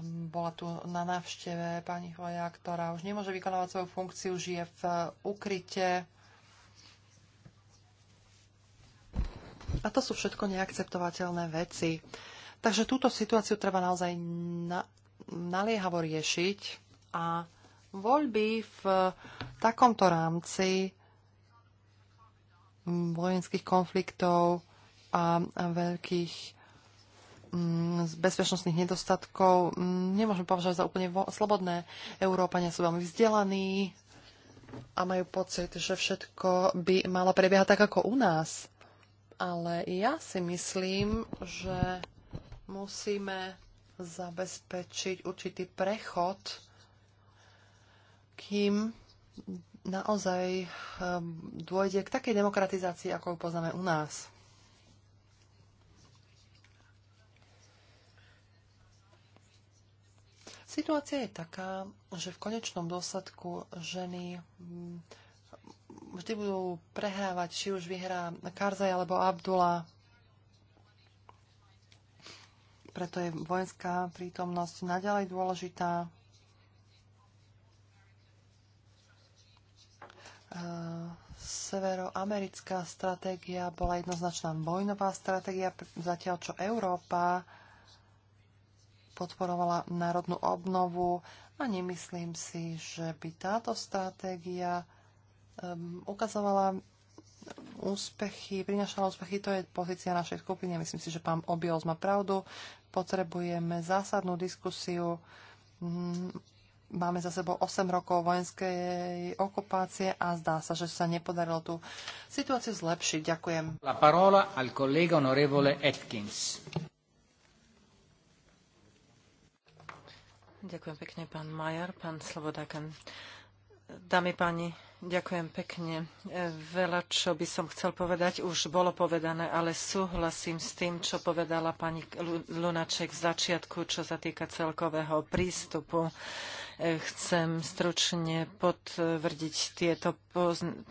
Mm, bola tu na návšteve pani hoja, ktorá už nemôže vykonávať svoju funkciu, žije v e, ukryte. A to sú všetko neakceptovateľné veci. Takže túto situáciu treba naozaj na, naliehavo riešiť a voľby v takomto rámci vojenských konfliktov a veľkých mm, z bezpečnostných nedostatkov mm, nemôžeme považovať za úplne slobodné. Európania sú veľmi vzdelaní a majú pocit, že všetko by malo prebiehať tak ako u nás. Ale ja si myslím, že musíme zabezpečiť určitý prechod, kým naozaj ehm, dôjde k takej demokratizácii, ako ju poznáme u nás. Situácia je taká, že v konečnom dôsledku ženy mm, vždy budú prehrávať, či už vyhrá Karzaj alebo Abdullah preto je vojenská prítomnosť naďalej dôležitá. Eh, severoamerická stratégia bola jednoznačná vojnová stratégia, zatiaľ čo Európa podporovala národnú obnovu a nemyslím si, že by táto stratégia ukazovala úspechy, prinašala úspechy, to je pozícia našej skupiny. Myslím si, že pán Obios má pravdu, potrebujeme zásadnú diskusiu. Mm, máme za sebou 8 rokov vojenskej okupácie a zdá sa, že sa nepodarilo tú situáciu zlepšiť. Ďakujem. La parola al collega onorevole Atkins. Ďakujem pekne, pán Majer, pán Slobodakan. Dámy páni, ďakujem pekne. E, veľa, čo by som chcel povedať, už bolo povedané, ale súhlasím s tým, čo povedala pani Lunaček v začiatku, čo sa týka celkového prístupu. Chcem stručne potvrdiť tieto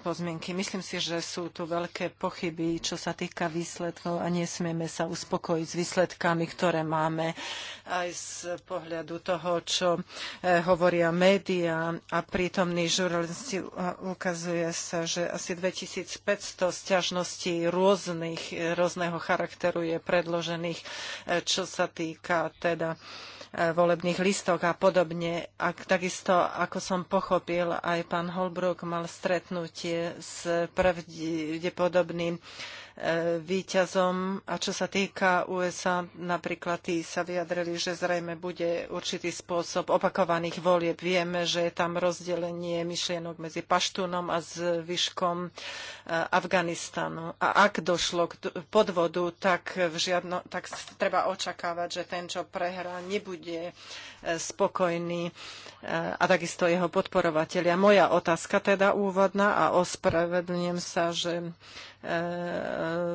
pozmienky. Myslím si, že sú tu veľké pochyby, čo sa týka výsledkov a nesmieme sa uspokojiť s výsledkami, ktoré máme aj z pohľadu toho, čo eh, hovoria médiá a prítomní žurnalisti. Ukazuje sa, že asi 2500 sťažností rôznych, eh, rôzneho charakteru je predložených, eh, čo sa týka teda Eh, volebných listoch a podobne. A takisto, ako som pochopil, aj pán Holbrook mal stretnutie s pravdepodobným E, výťazom. A čo sa týka USA, napríklad tí sa vyjadrili, že zrejme bude určitý spôsob opakovaných volieb. Vieme, že je tam rozdelenie myšlienok medzi Paštúnom a zvyškom e, Afganistanu. A ak došlo k podvodu, tak, v žiadno, tak treba očakávať, že ten, čo prehrá, nebude e, spokojný a takisto jeho podporovatelia. Moja otázka teda úvodná a ospravedlňujem sa, že E,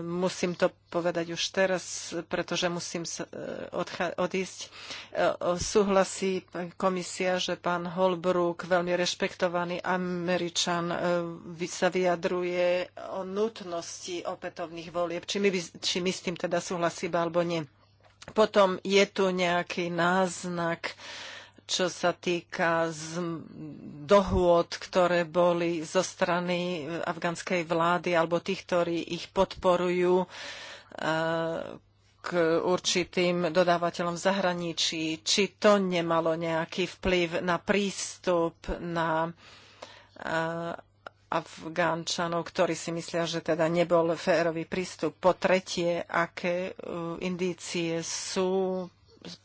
musím to povedať už teraz, pretože musím e, odísť. E, súhlasí komisia, že pán Holbrook, veľmi rešpektovaný Američan, sa vyjadruje o nutnosti opätovných volieb. Či my, či my s tým teda súhlasíme alebo nie. Potom je tu nejaký náznak, čo sa týka z dohôd, ktoré boli zo strany afganskej vlády alebo tých, ktorí ich podporujú e, k určitým dodávateľom v zahraničí, či to nemalo nejaký vplyv na prístup na e, Afgánčanov, ktorí si myslia, že teda nebol férový prístup. Po tretie, aké e, indície sú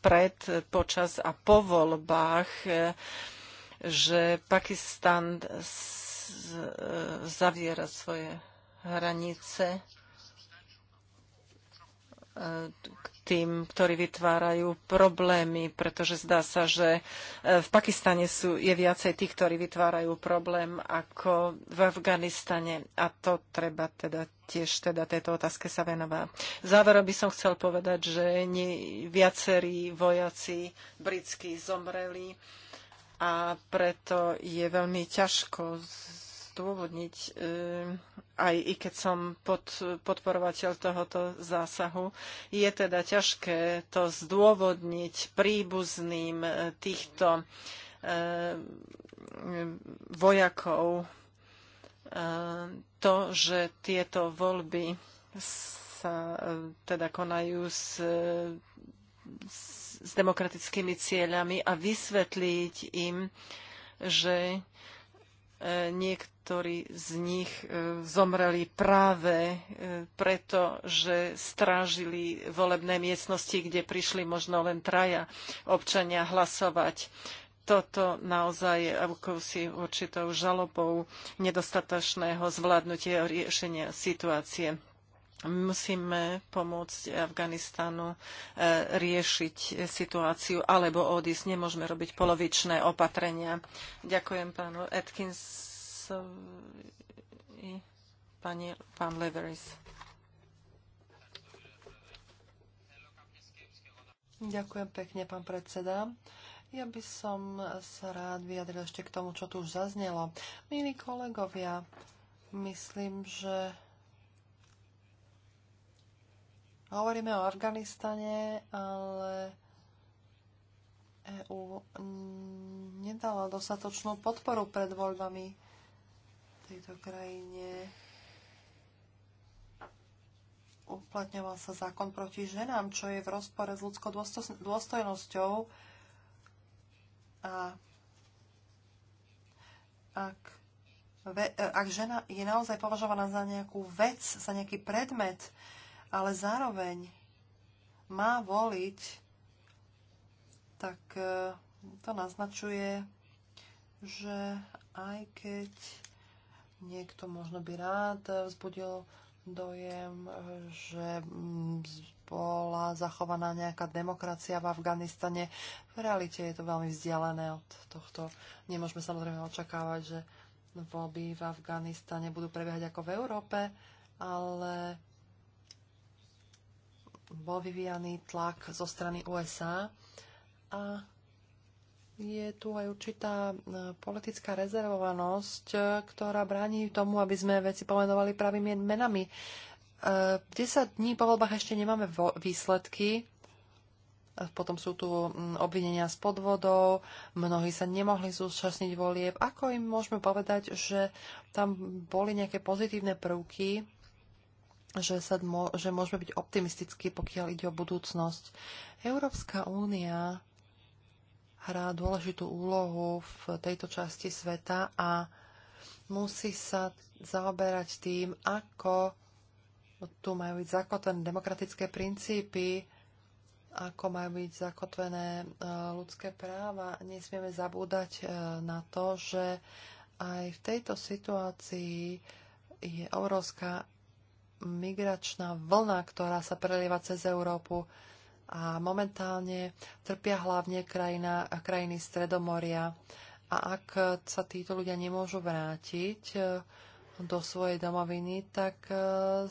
pred, počas a po voľbách, e, že Pakistan e, zaviera svoje hranice k tým, ktorí vytvárajú problémy, pretože zdá sa, že e, v Pakistane sú, je viacej tých, ktorí vytvárajú problém ako v Afganistane. A to treba teda tiež teda tejto otázke sa venová. Závero by som chcel povedať, že nie, viacerí vojaci britskí zomreli a preto je veľmi ťažko zdôvodniť e, aj i keď som pod, podporovateľ tohoto zásahu, je teda ťažké to zdôvodniť príbuzným e, týchto e, vojakov e, to, že tieto voľby sa teda konajú s, s demokratickými cieľami a vysvetliť im, že E, niektorí z nich e, zomreli práve e, preto, že strážili volebné miestnosti, kde prišli možno len traja občania hlasovať. Toto naozaj je akousi určitou žalobou nedostatočného zvládnutia riešenia situácie musíme pomôcť Afganistanu eh, riešiť situáciu alebo odísť. Nemôžeme robiť polovičné opatrenia. Ďakujem pánu Atkinsovi, pani, pán Leveris. Ďakujem pekne, pán predseda. Ja by som sa rád vyjadril ešte k tomu, čo tu už zaznelo. Milí kolegovia, myslím, že Hovoríme o Afganistane, ale EU mm, nedala dostatočnú podporu pred voľbami tejto krajine. Uplatňoval sa zákon proti ženám, čo je v rozpore s ľudskou dôstojnosťou. A ak, ve, ak žena je naozaj považovaná za nejakú vec, za nejaký predmet, ale zároveň má voliť, tak e, to naznačuje, že aj keď niekto možno by rád vzbudil dojem, e, že bola zachovaná nejaká demokracia v Afganistane. V realite je to veľmi vzdialené od tohto. Nemôžeme samozrejme očakávať, že voľby v Afganistane budú prebiehať ako v Európe, ale bol vyvíjaný tlak zo strany USA a je tu aj určitá e, politická rezervovanosť, e, ktorá bráni tomu, aby sme veci pomenovali pravými menami. 10 e, dní po voľbách ešte nemáme výsledky, potom sú tu obvinenia z podvodov, mnohí sa nemohli zúčastniť volieb. Ako im môžeme povedať, že tam boli nejaké pozitívne prvky, že, sa že môžeme byť optimistickí, pokiaľ ide o budúcnosť. Európska únia hrá dôležitú úlohu v tejto časti sveta a musí sa zaoberať tým, ako tu majú byť zakotvené demokratické princípy, ako majú byť zakotvené e, ľudské práva. Nesmieme zabúdať e, na to, že aj v tejto situácii je obrovská migračná vlna, ktorá sa prelieva cez Európu a momentálne trpia hlavne krajina, krajiny Stredomoria. A ak sa títo ľudia nemôžu vrátiť eh, do svojej domoviny, tak eh,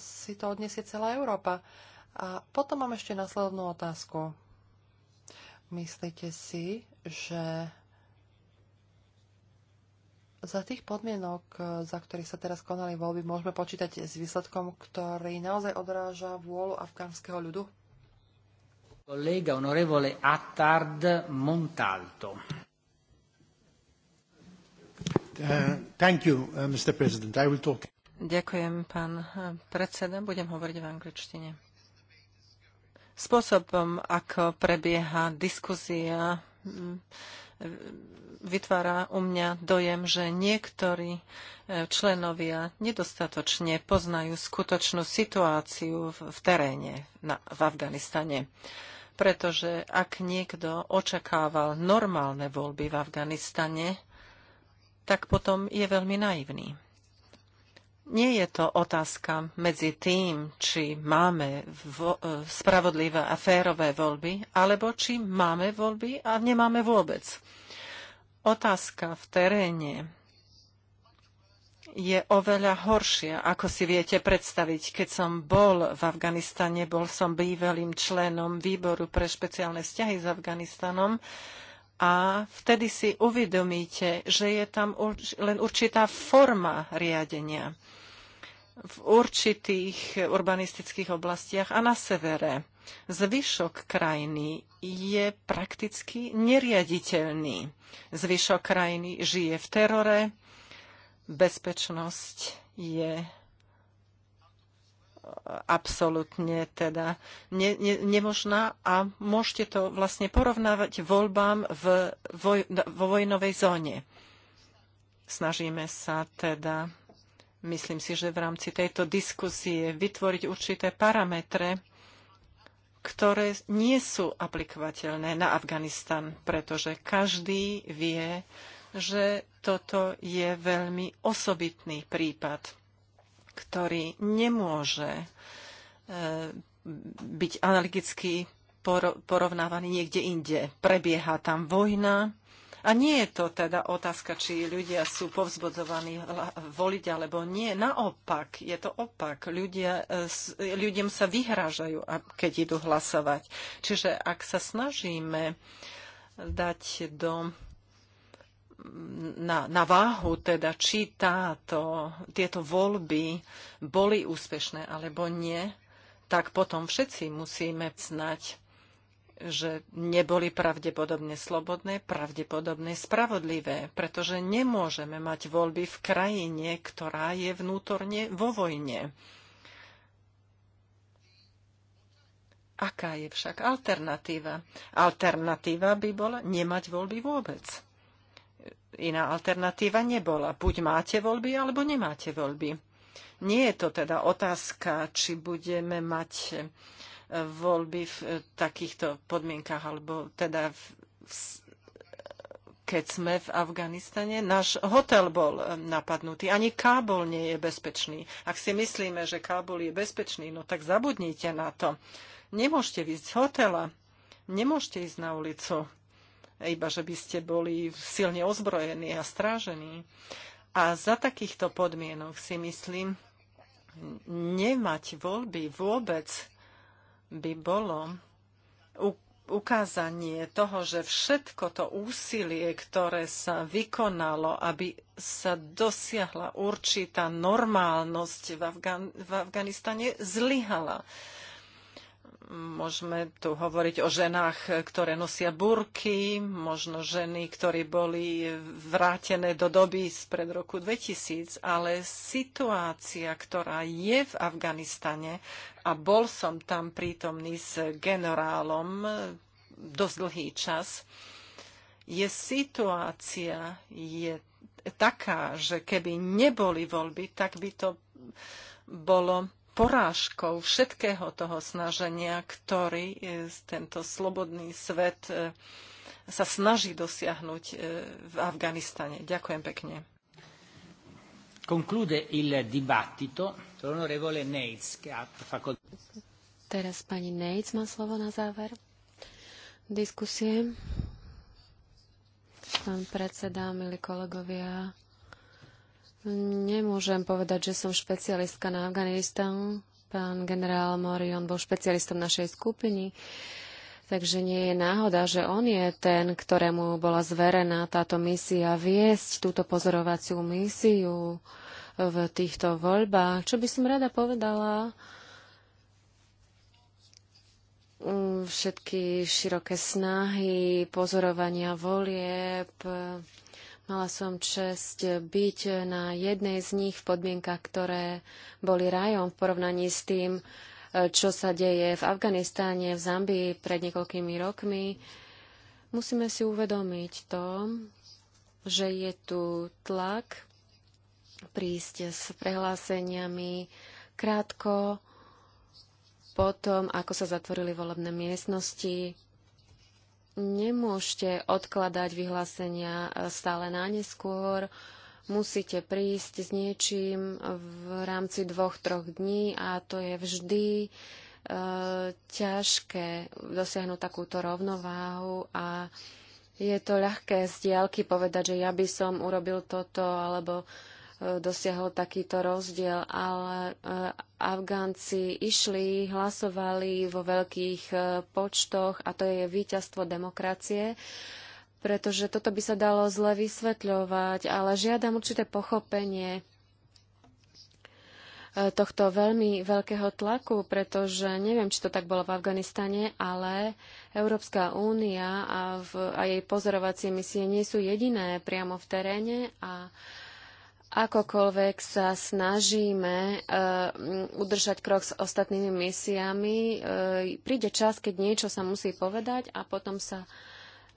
si to odniesie celá Európa. A potom mám ešte následnú otázku. Myslíte si, že za tých podmienok, e, za ktorých sa teraz konali voľby, môžeme počítať s výsledkom, ktorý naozaj odráža vôľu afgánskeho ľudu? Kolega honorevole Attard Montalto. Uh, uh, Ďakujem, pán uh, predseda. Budem hovoriť v angličtine. Spôsobom, ako prebieha diskusia, vytvára u mňa dojem, že niektorí e, členovia nedostatočne poznajú skutočnú situáciu v, teréne na, v Afganistane. Pretože ak niekto očakával normálne voľby v Afganistane, tak potom je veľmi naivný. Nie je to otázka medzi tým, či máme vo, e, spravodlivé a férové voľby, alebo či máme voľby a nemáme vôbec. Otázka v teréne je oveľa horšia, ako si viete predstaviť. Keď som bol v Afganistane, bol som bývalým členom výboru pre špeciálne vzťahy s Afganistanom, a vtedy si uvedomíte, že je tam urč len určitá forma riadenia v určitých urbanistických oblastiach a na severe. Zvyšok krajiny je prakticky neriaditeľný. Zvyšok krajiny žije v terore, bezpečnosť je absolútne teda ne, ne, nemožná a môžete to vlastne porovnávať voľbám v, voj, vo vojnovej zóne. Snažíme sa teda, myslím si, že v rámci tejto diskusie vytvoriť určité parametre, ktoré nie sú aplikovateľné na Afganistan, pretože každý vie, že toto je veľmi osobitný prípad ktorý nemôže e, byť analogicky porovnávaný niekde inde. Prebieha tam vojna a nie je to teda otázka, či ľudia sú povzbudzovaní voliť alebo nie. Naopak, je to opak. Ľudia, e, ľuďom sa vyhrážajú, keď idú hlasovať. Čiže ak sa snažíme dať do na, na váhu, teda či táto, tieto voľby boli úspešné alebo nie, tak potom všetci musíme znať, že neboli pravdepodobne slobodné, pravdepodobne spravodlivé, pretože nemôžeme mať voľby v krajine, ktorá je vnútorne vo vojne. Aká je však alternatíva? Alternatíva by bola nemať voľby vôbec iná alternatíva nebola. Buď máte voľby, alebo nemáte voľby. Nie je to teda otázka, či budeme mať e, voľby v e, takýchto podmienkach, alebo teda v, v, e, keď sme v Afganistane, náš hotel bol napadnutý. Ani Kábul nie je bezpečný. Ak si myslíme, že Kábul je bezpečný, no tak zabudnite na to. Nemôžete ísť z hotela, nemôžete ísť na ulicu iba že by ste boli silne ozbrojení a strážení. A za takýchto podmienok si myslím, nemať voľby vôbec by bolo ukázanie toho, že všetko to úsilie, ktoré sa vykonalo, aby sa dosiahla určitá normálnosť v, Afgan- v Afganistane, zlyhala môžeme tu hovoriť o ženách, ktoré nosia burky, možno ženy, ktoré boli vrátené do doby spred roku 2000, ale situácia, ktorá je v Afganistane, a bol som tam prítomný s generálom dosť dlhý čas, je situácia je taká, že keby neboli voľby, tak by to bolo porážkou všetkého toho snaženia, ktorý e, tento slobodný svet e, sa snaží dosiahnuť e, v Afganistane. Ďakujem pekne. Conclude il dibattito l'onorevole Neitz, che ha facoltà. Teraz pani Neitz má slovo na záver diskusie. Pán predseda, milí kolegovia, Nemôžem povedať, že som špecialistka na Afganistan. Pán generál Morion bol špecialistom našej skupiny, takže nie je náhoda, že on je ten, ktorému bola zverená táto misia viesť túto pozorovaciu misiu v týchto voľbách. Čo by som rada povedala, všetky široké snahy, pozorovania volieb, Mala som čest byť na jednej z nich v podmienkach, ktoré boli rajom v porovnaní s tým, eh, čo sa deje v Afganistáne, v Zambii pred niekoľkými rokmi. Musíme si uvedomiť to, že je tu tlak prísť s prehláseniami krátko potom, ako sa zatvorili volebné miestnosti nemôžete odkladať vyhlásenia e, stále na neskôr. Musíte prísť s niečím v rámci dvoch, troch dní a to je vždy e, ťažké dosiahnuť takúto rovnováhu a je to ľahké z diálky povedať, že ja by som urobil toto alebo dosiahol takýto rozdiel, ale eh, Afgánci išli, hlasovali vo veľkých eh, počtoch a to je víťazstvo demokracie, pretože toto by sa dalo zle vysvetľovať, ale žiadam určité pochopenie eh, tohto veľmi veľkého tlaku, pretože neviem, či to tak bolo v Afganistane, ale Európska únia a, v, a jej pozorovacie misie nie sú jediné priamo v teréne a uh, akokoľvek sa snažíme eh, udržať krok s ostatnými misiami, e, príde čas, keď niečo sa musí povedať a potom sa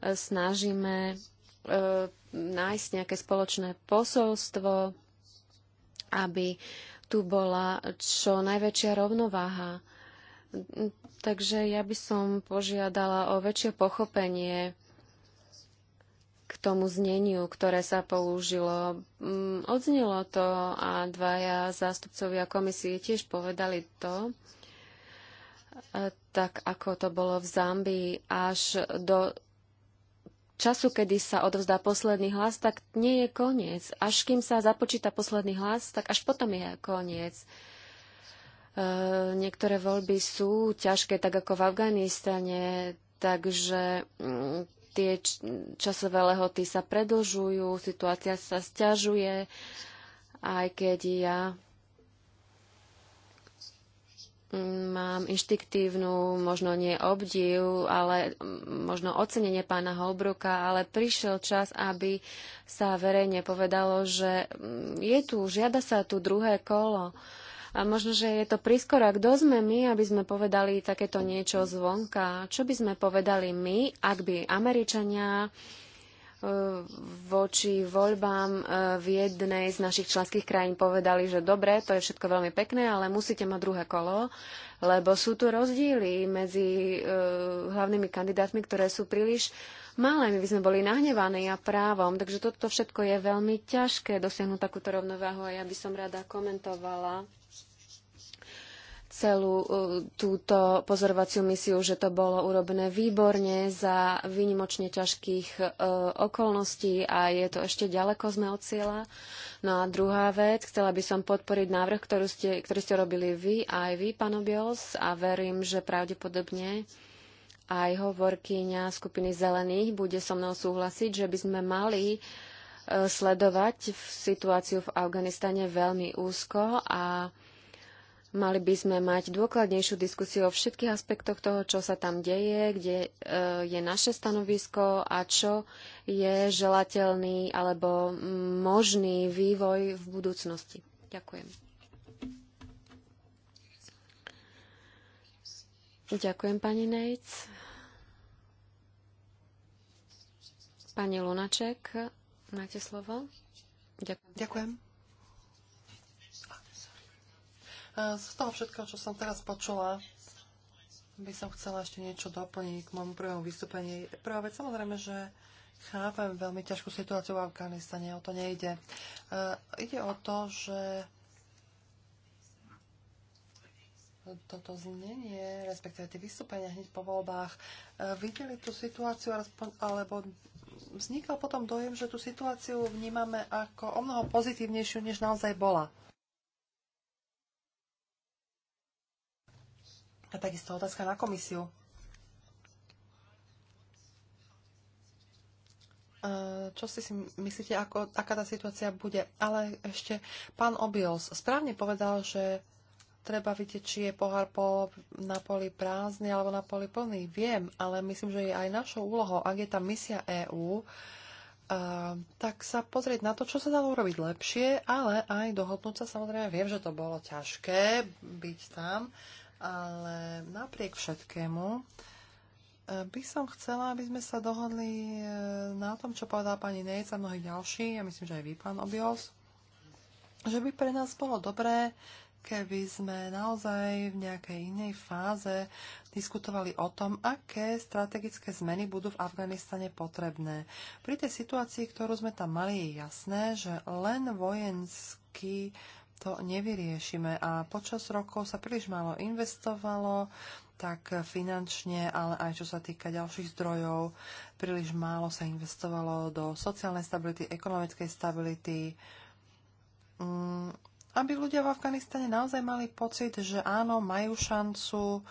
eh, snažíme nájsť nejaké spoločné posolstvo, aby tu bola čo najväčšia rovnováha. Takže ja by som požiadala o väčšie pochopenie tomu zneniu, ktoré sa použilo. Mm, odznelo to a dvaja zástupcovia komisie tiež povedali to, e, tak ako to bolo v Zambii, až do času, kedy sa odovzdá posledný hlas, tak nie je koniec. Až kým sa započíta posledný hlas, tak až potom je koniec. E, niektoré voľby sú ťažké, tak ako v Afganistane, takže mm, tie časové lehoty sa predlžujú, situácia sa stiažuje, aj keď ja mám inštiktívnu, možno nie obdiv, ale mm, možno ocenenie pána Holbruka, ale prišiel čas, aby sa verejne povedalo, že mm, je tu, žiada sa tu druhé kolo. Uh, a možno, že je to prískoro, kto sme my, aby sme povedali takéto niečo zvonka. Čo by sme povedali my, ak by Američania e, voči voľbám e, v jednej z našich členských krajín povedali, že dobre, to je všetko veľmi pekné, ale musíte mať druhé kolo, lebo sú tu rozdiely medzi e, hlavnými kandidátmi, ktoré sú príliš malé. My by sme boli nahnevaní a právom, takže toto všetko je veľmi ťažké dosiahnuť takúto rovnováhu a ja by som rada komentovala celú e, túto pozorovaciu misiu, že to bolo urobené výborne za výnimočne ťažkých e, okolností a je to ešte ďaleko sme od cieľa. No a druhá vec, chcela by som podporiť návrh, ktorú ste, ktorý ste robili vy, aj vy, pán Obios, a verím, že pravdepodobne aj hovorkyňa skupiny zelených bude so mnou súhlasiť, že by sme mali e, sledovať situáciu v Afganistane veľmi úzko a Mali by sme mať dôkladnejšiu diskusiu o všetkých aspektoch toho, čo sa tam deje, kde e, je naše stanovisko a čo je želateľný alebo možný vývoj v budúcnosti. Ďakujem. Ďakujem, pani Nejc. Pani Lunaček, máte slovo. Ďakujem. Ďakujem. Eh, z toho všetkého, čo som teraz počula, by som chcela ešte niečo doplniť k môjmu prvému vystúpení. Prvá vec, samozrejme, že chápem veľmi ťažkú situáciu v Afganistane, o to nejde. Eh, ide o to, že toto znenie, respektíve tie vystúpenia hneď po voľbách, eh, videli tú situáciu, alebo vznikal potom dojem, že tú situáciu vnímame ako o mnoho pozitívnejšiu, než naozaj bola. A takisto otázka na komisiu. E, čo si, si myslíte, ako, aká tá situácia bude. Ale ešte pán Obios správne povedal, že treba vidieť, či je pohár po, na poli prázdny alebo na poli plný. Viem, ale myslím, že je aj našou úlohou, ak je tá misia EÚ, Uh, e, tak sa pozrieť na to, čo sa dalo urobiť lepšie, ale aj dohodnúť sa. Samozrejme, viem, že to bolo ťažké byť tam, ale napriek všetkému e, by som chcela, aby sme sa dohodli e, na tom, čo povedala pani Nejc a mnohí ďalší, ja myslím, že aj vy, pán Obios, že by pre nás bolo dobré, keby sme naozaj v nejakej inej fáze diskutovali o tom, aké strategické zmeny budú v Afganistane potrebné. Pri tej situácii, ktorú sme tam mali, je jasné, že len vojenský to nevyriešime. A počas rokov sa príliš málo investovalo, tak finančne, ale aj čo sa týka ďalších zdrojov, príliš málo sa investovalo do sociálnej stability, ekonomickej stability, mm, aby ľudia v Afganistane naozaj mali pocit, že áno, majú šancu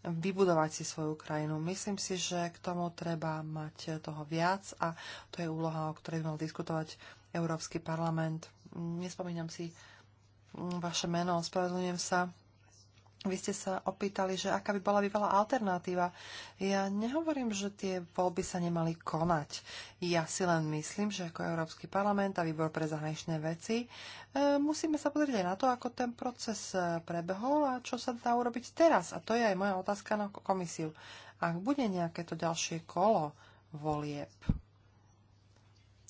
vybudovať si svoju krajinu. Myslím si, že k tomu treba mať toho viac a to je úloha, o ktorej mal diskutovať Európsky parlament. Nespomínam si, Mm, vaše meno, ospravedlňujem sa. Vy ste sa opýtali, že aká by bola bývalá alternatíva. Ja nehovorím, že tie voľby sa nemali konať. Ja si len myslím, že ako Európsky parlament a výbor pre zahraničné veci e, musíme sa pozrieť aj na to, ako ten proces e, prebehol a čo sa dá urobiť teraz. A to je aj moja otázka na komisiu. Ak bude nejaké to ďalšie kolo volieb,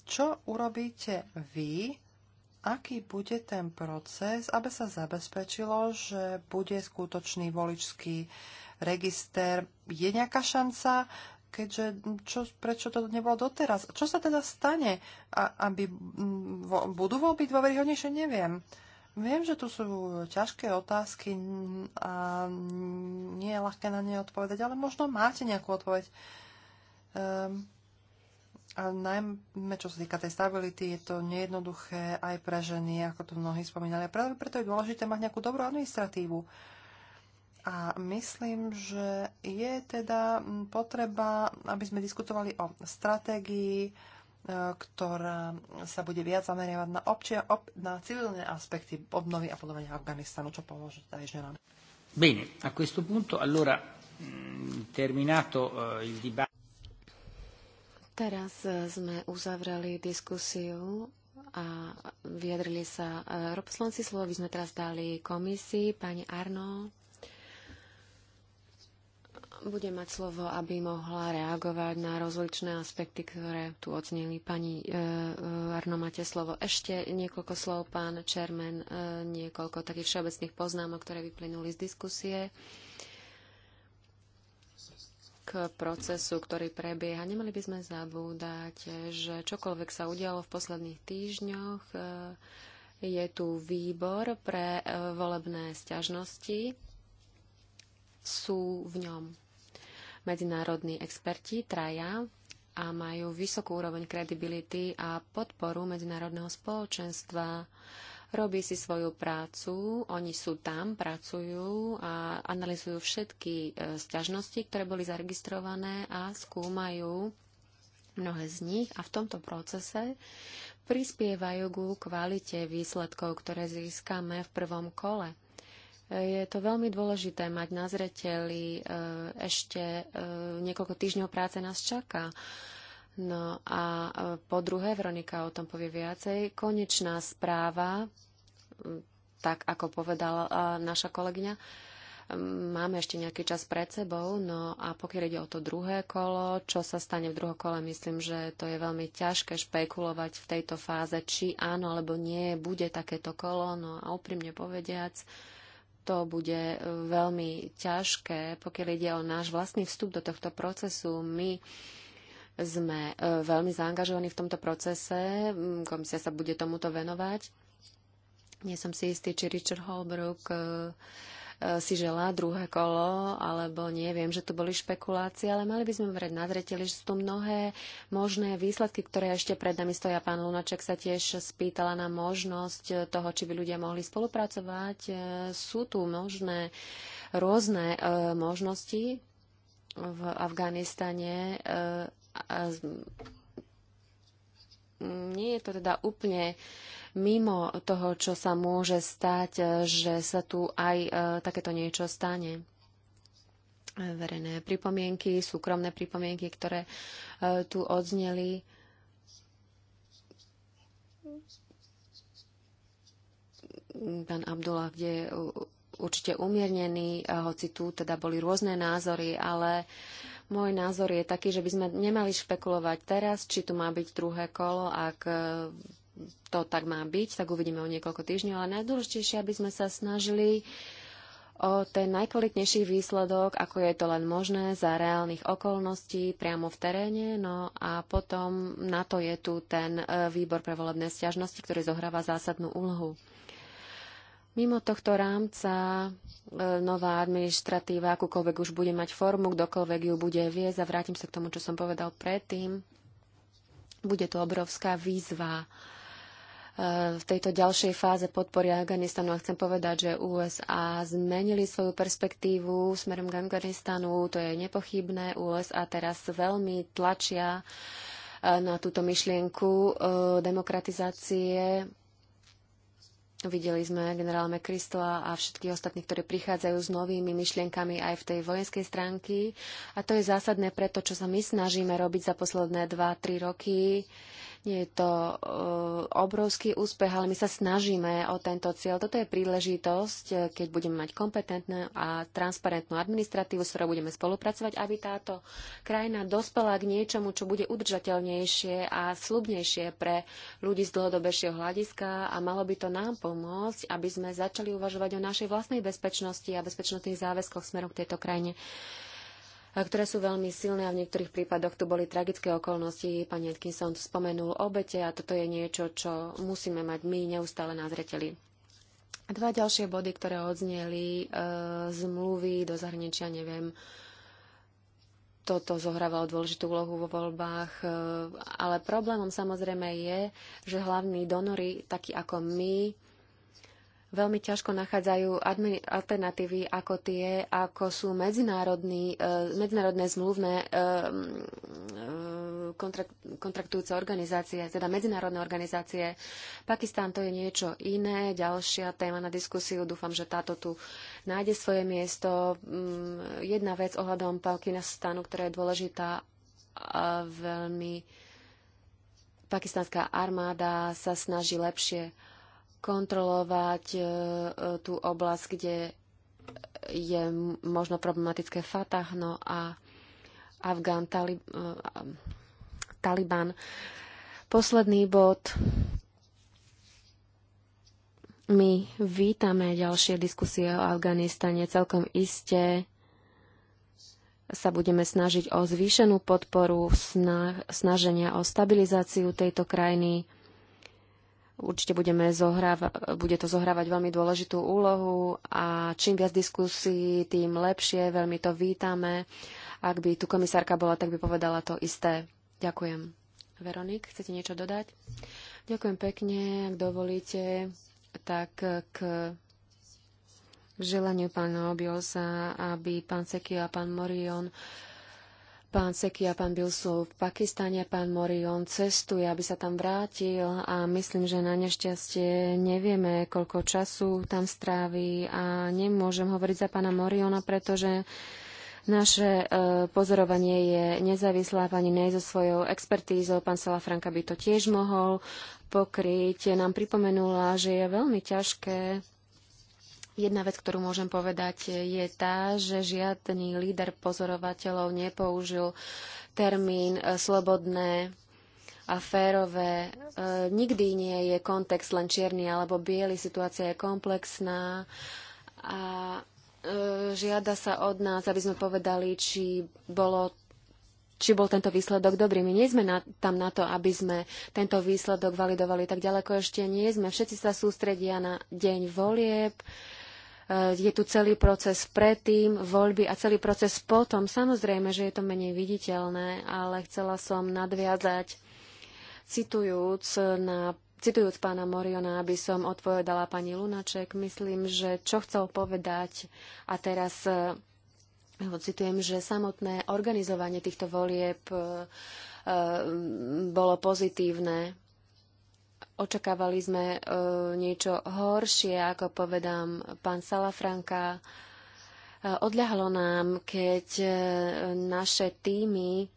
čo urobíte vy aký bude ten proces, aby sa zabezpečilo, že bude skutočný voličský register. Je nejaká šanca, keďže čo, prečo to nebolo doteraz? Čo sa teda stane, a, aby vo, budú voľby dôveryhodnejšie, neviem. Viem, že tu sú ťažké otázky a nie je ľahké na ne odpovedať, ale možno máte nejakú odpoveď. Um, a najmä čo sa týka tej stability, je to nejednoduché aj pre ženy, ako tu mnohí spomínali. A práve preto je dôležité mať nejakú dobrú administratívu. A myslím, že je teda potreba, aby sme diskutovali o stratégii, e, ktorá sa bude viac zameriavať na, občia, ob, na civilné aspekty obnovy a podobania Afganistanu, čo pomôže aj ženám. Bene, a questo punto allora mm, terminato eh, il dibattito. Teraz e, sme uzavreli diskusiu a vyjadrili sa e, europoslanci. Slovo by sme teraz dali komisii. Pani Arno bude mať slovo, aby mohla reagovať na rozličné aspekty, ktoré tu odzneli. Pani e, Arno, máte slovo. Ešte niekoľko slov, pán Čermen, niekoľko takých všeobecných poznámok, ktoré vyplynuli z diskusie procesu, ktorý prebieha. Nemali by sme zabúdať, že čokoľvek sa udialo v posledných týždňoch, e, je tu výbor pre e, volebné sťažnosti. Sú v ňom medzinárodní experti, traja, a majú vysokú úroveň kredibility a podporu medzinárodného spoločenstva robí si svoju prácu, oni sú tam, pracujú a analizujú všetky e, sťažnosti, ktoré boli zaregistrované a skúmajú mnohé z nich a v tomto procese prispievajú ku kvalite výsledkov, ktoré získame v prvom kole. E, je to veľmi dôležité mať na zreteli, e, ešte niekoľko týždňov práce nás čaká. No a po druhé, Veronika o tom povie viacej, konečná správa, tak ako povedala naša kolegyňa, máme ešte nejaký čas pred sebou, no a pokiaľ ide o to druhé kolo, čo sa stane v druhom kole, myslím, že to je veľmi ťažké špekulovať v tejto fáze, či áno alebo nie bude takéto kolo, no a úprimne povediac, to bude e, veľmi ťažké, pokiaľ ide o náš vlastný vstup do tohto procesu. My sme e, veľmi zaangažovaní v tomto procese. Komisia sa bude tomuto venovať. Nie som si istý, či Richard Holbrook e, e, si želá druhé kolo, alebo nie, viem, že tu boli špekulácie, ale mali by sme brať na zreteli, že sú tu mnohé možné výsledky, ktoré ešte pred nami stoja. Pán Lunaček sa tiež spýtala na možnosť toho, či by ľudia mohli spolupracovať. Sú tu možné rôzne možnosti v Afganistane nie je to teda úplne mimo toho, čo sa môže stať, e, že sa tu aj e, takéto niečo stane verejné pripomienky, súkromné pripomienky, ktoré e, tu odzneli. Pán Abdullah, kde je určite umiernený, hoci tu teda boli rôzne názory, ale môj názor je taký, že by sme nemali špekulovať teraz, či tu má byť druhé kolo, ak e, to tak má byť, tak uvidíme o niekoľko týždňov, ale najdôležitejšie, aby sme sa snažili o ten najkvalitnejší výsledok, ako je to len možné za reálnych okolností priamo v teréne. No a potom na to je tu ten e, výbor pre volebné stiažnosti, ktorý zohráva zásadnú úlohu. Mimo tohto rámca e, nová administratíva, akúkoľvek už bude mať formu, kdokoľvek ju bude viesť, a vrátim sa k tomu, čo som povedal predtým, bude to obrovská výzva e, v tejto ďalšej fáze podpory Afganistanu. A chcem povedať, že USA zmenili svoju perspektívu smerom k Afganistanu, to je nepochybné. USA teraz veľmi tlačia e, na túto myšlienku demokratizácie Videli sme generálme Kristla a všetkých ostatných, ktorí prichádzajú s novými myšlienkami aj v tej vojenskej stránky. A to je zásadné pre to, čo sa my snažíme robiť za posledné 2-3 roky. Nie je to uh, obrovský úspech, ale my sa snažíme o tento cieľ. Toto je príležitosť, e, keď budeme mať kompetentnú a transparentnú administratívu, s ktorou budeme spolupracovať, aby táto krajina dospela k niečomu, čo bude udržateľnejšie a slubnejšie pre ľudí z dlhodobejšieho hľadiska a malo by to nám pomôcť, aby sme začali uvažovať o našej vlastnej bezpečnosti a bezpečnostných záväzkoch smerom k tejto krajine ktoré sú veľmi silné a v niektorých prípadoch tu boli tragické okolnosti. Pani Atkinson spomenul obete a toto je niečo, čo musíme mať my neustále na zreteli. Dva ďalšie body, ktoré odzneli, e, zmluvy do zahraničia, neviem, toto zohrávalo dôležitú úlohu vo voľbách, e, ale problémom samozrejme je, že hlavní donory, takí ako my, veľmi ťažko nachádzajú alternatívy ako tie, ako sú medzinárodný, e, medzinárodné zmluvné e, e, kontrakt, kontraktujúce organizácie, teda medzinárodné organizácie. Pakistán to je niečo iné, ďalšia téma na diskusiu. Dúfam, že táto tu nájde svoje miesto. Mm, jedna vec ohľadom Pakistanu, ktorá je dôležitá a veľmi pakistánska armáda sa snaží lepšie kontrolovať e, e, tú oblasť, kde je možno problematické Fatah, no a Afgán, Talib, e, Taliban. Posledný bod. My vítame ďalšie diskusie o Afganistane. Celkom iste sa budeme snažiť o zvýšenú podporu snaženia o stabilizáciu tejto krajiny Určite budeme zohráva, bude to zohrávať veľmi dôležitú úlohu a čím viac diskusí, tým lepšie. Veľmi to vítame. Ak by tu komisárka bola, tak by povedala to isté. Ďakujem. Veronik, chcete niečo dodať? Ďakujem pekne, ak dovolíte, tak k želaniu pána Obiosa, aby pán Seky a pán Morion pán Seky a pán Bill sú v Pakistane, pán Morion cestuje, aby sa tam vrátil a myslím, že na nešťastie nevieme, koľko času tam stráví a nemôžem hovoriť za pána Moriona, pretože naše e, pozorovanie je nezávislá, pani nej so svojou expertízou, pán Franka by to tiež mohol pokryť. Nám pripomenula, že je veľmi ťažké Jedna vec, ktorú môžem povedať, je tá, že žiadny líder pozorovateľov nepoužil termín e, slobodné a férové. E, nikdy nie je kontext len čierny alebo biely, situácia je komplexná a e, žiada sa od nás, aby sme povedali, či bolo či bol tento výsledok dobrý. My nie sme na, tam na to, aby sme tento výsledok validovali tak ďaleko ešte nie sme. Všetci sa sústredia na deň volieb. Uh, Eh, je tu celý proces predtým, voľby a celý proces potom. Samozrejme, že je to menej viditeľné, ale chcela som nadviazať, citujúc, na, citujúc pána Moriona, aby som odpovedala pani Lunaček. Myslím, že čo chcel povedať a teraz eh, ho citujem, že samotné organizovanie týchto volieb eh, bolo pozitívne Očakávali sme e, niečo horšie, ako povedám pán Salafranka. E, odľahlo nám, keď e, naše týmy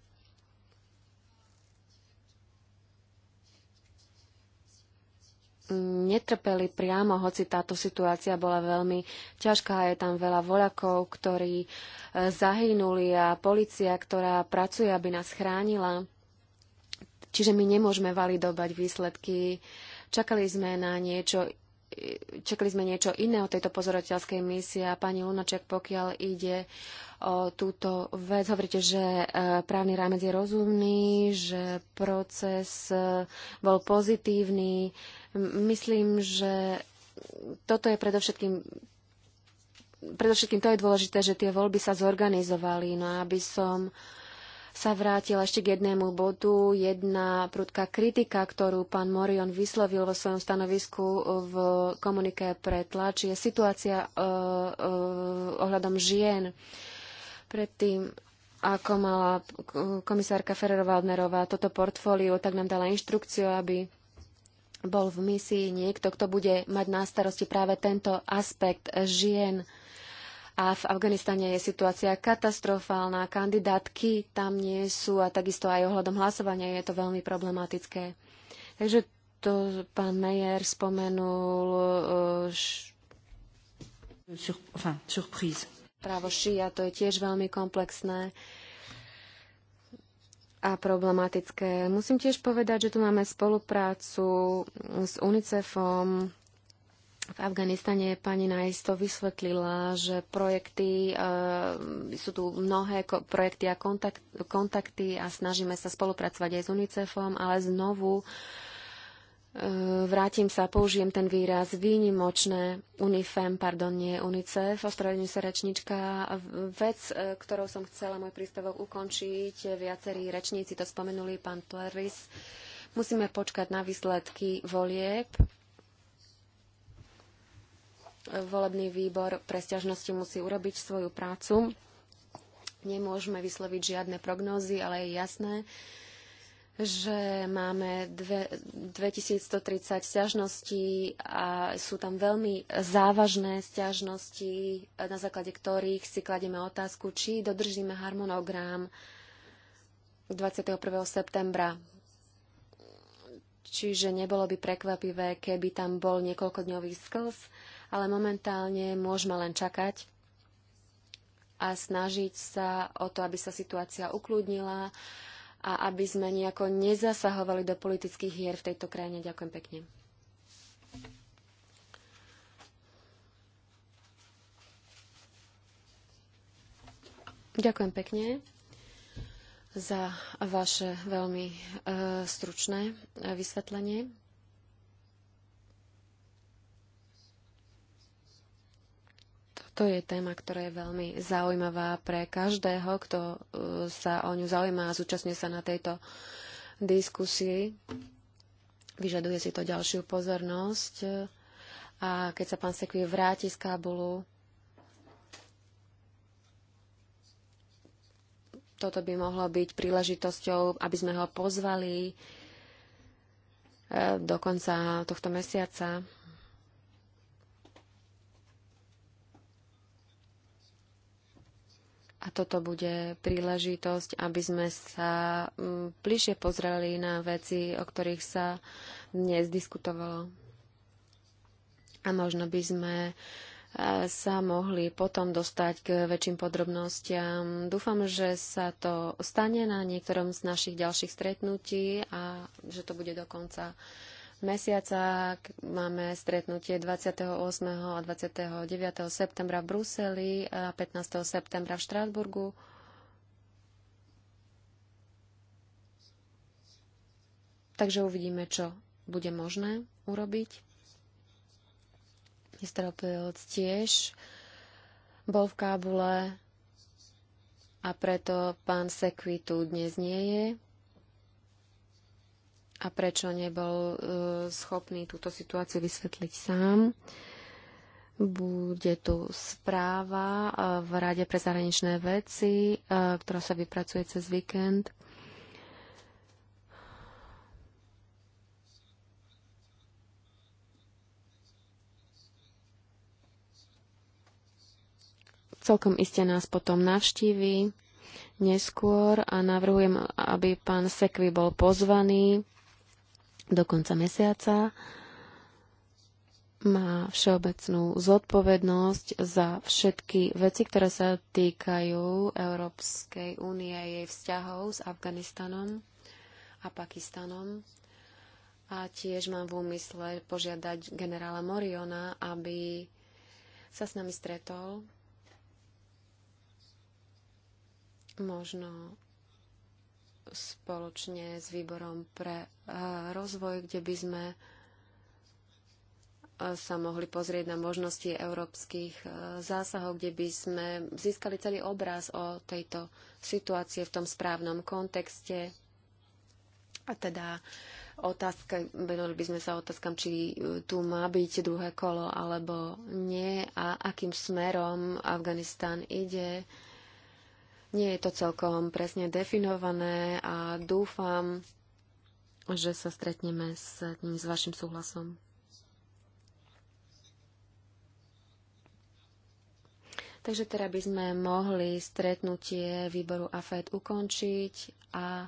netrpeli priamo, hoci táto situácia bola veľmi ťažká. Je tam veľa voľakov, ktorí zahynuli a policia, ktorá pracuje, aby nás chránila. Čiže my nemôžeme validovať výsledky. Čakali sme na niečo čakali sme niečo iné od tejto pozorovateľskej misie a pani Lunaček, pokiaľ ide o túto vec, hovoríte, že e, právny rámec je rozumný, že proces e, bol pozitívny. Myslím, že toto je predovšetkým predovšetkým to je dôležité, že tie voľby sa zorganizovali. No a aby som uh, sa vrátil ešte k jednému bodu. Jedna prudká kritika, ktorú pán Morion vyslovil vo svojom stanovisku v komunike pre tlač, je situácia uh, uh, ohľadom žien. Predtým ako mala komisárka Ferrero-Waldnerová toto portfólio, tak nám dala inštrukciu, aby bol v misii niekto, kto bude mať na starosti práve tento aspekt žien. A v Afganistane je situácia katastrofálna, kandidátky tam nie sú a takisto aj ohľadom hlasovania je to veľmi problematické. Takže to pán Mejer spomenul eh, š... právo šia, to je tiež veľmi komplexné a problematické. Musím tiež povedať, že tu máme spoluprácu s UNICEFom, v Afganistane pani najisto vysvetlila, že projekty, e, sú tu mnohé ko- projekty a kontakt, kontakty a snažíme sa spolupracovať aj s UNICEFom, ale znovu e, vrátim sa, použijem ten výraz výnimočné UNIFEM, pardon, nie UNICEF, ospravedlňujem sa rečnička. Vec, e, ktorou som chcela môj príspevok ukončiť, e, viacerí rečníci to spomenuli, pán Tleris, musíme počkať na výsledky volieb volebný výbor pre stiažnosti musí urobiť svoju prácu. Nemôžeme vysloviť žiadne prognózy, ale je jasné, že máme 2130 stiažností a sú tam veľmi závažné stiažnosti, na základe ktorých si kladieme otázku, či dodržíme harmonogram 21. septembra. Čiže nebolo by prekvapivé, keby tam bol niekoľkodňový sklz ale momentálne môžeme len čakať a snažiť sa o to, aby sa situácia ukludnila a aby sme nejako nezasahovali do politických hier v tejto krajine. Ďakujem pekne. Ďakujem pekne za vaše veľmi e, stručné e, vysvetlenie. To je téma, ktorá je veľmi zaujímavá pre každého, kto uh, sa o ňu zaujíma a zúčastňuje sa na tejto diskusii. Vyžaduje si to ďalšiu pozornosť. A keď sa pán Sekvi vráti z Kábulu, toto by mohlo byť príležitosťou, aby sme ho pozvali uh, do konca tohto mesiaca. A toto bude príležitosť, aby sme sa mm, bližšie pozreli na veci, o ktorých sa dnes diskutovalo. A možno by sme e, sa mohli potom dostať k väčším podrobnostiam. Dúfam, že sa to stane na niektorom z našich ďalších stretnutí a že to bude dokonca konca mesiaca máme stretnutie 28. a 29. septembra v Bruseli a 15. septembra v Štrásburgu. Takže uvidíme, čo bude možné urobiť. Mr. Opilc tiež bol v Kábule a preto pán Sekvi tu dnes nie je a prečo nebol e, schopný túto situáciu vysvetliť sám. Bude tu správa e, v Rade pre zahraničné veci, e, ktorá sa vypracuje cez víkend. Celkom iste nás potom navštívi neskôr a navrhujem, aby pán Sekvi bol pozvaný do konca mesiaca má všeobecnú zodpovednosť za všetky veci, ktoré sa týkajú Európskej únie a jej vzťahov s Afganistanom a Pakistanom. A tiež mám v úmysle požiadať generála Moriona, aby sa s nami stretol. Možno spoločne s výborom pre e, rozvoj, kde by sme e, sa mohli pozrieť na možnosti európskych e, zásahov, kde by sme získali celý obraz o tejto situácie v tom správnom kontexte. A teda otázka, venovali by sme sa otázkam, či tu má byť druhé kolo alebo nie a akým smerom Afganistan ide nie je to celkom presne definované a dúfam, že sa stretneme s tým s vašim súhlasom. Takže teda by sme mohli stretnutie výboru AFED ukončiť a,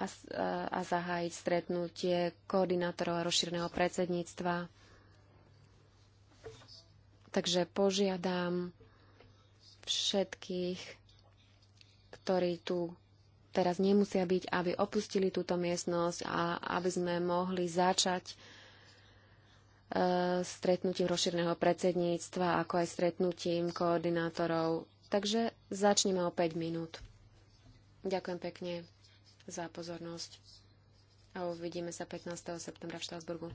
a, a zahájiť stretnutie koordinátorov a rozšírneho predsedníctva. Takže požiadam všetkých, ktorí tu teraz nemusia byť, aby opustili túto miestnosť a aby sme mohli začať e, stretnutím rozšírneho predsedníctva, ako aj stretnutím koordinátorov. Takže začneme o 5 minút. Ďakujem pekne za pozornosť a uvidíme sa 15. septembra v Štrasburgu.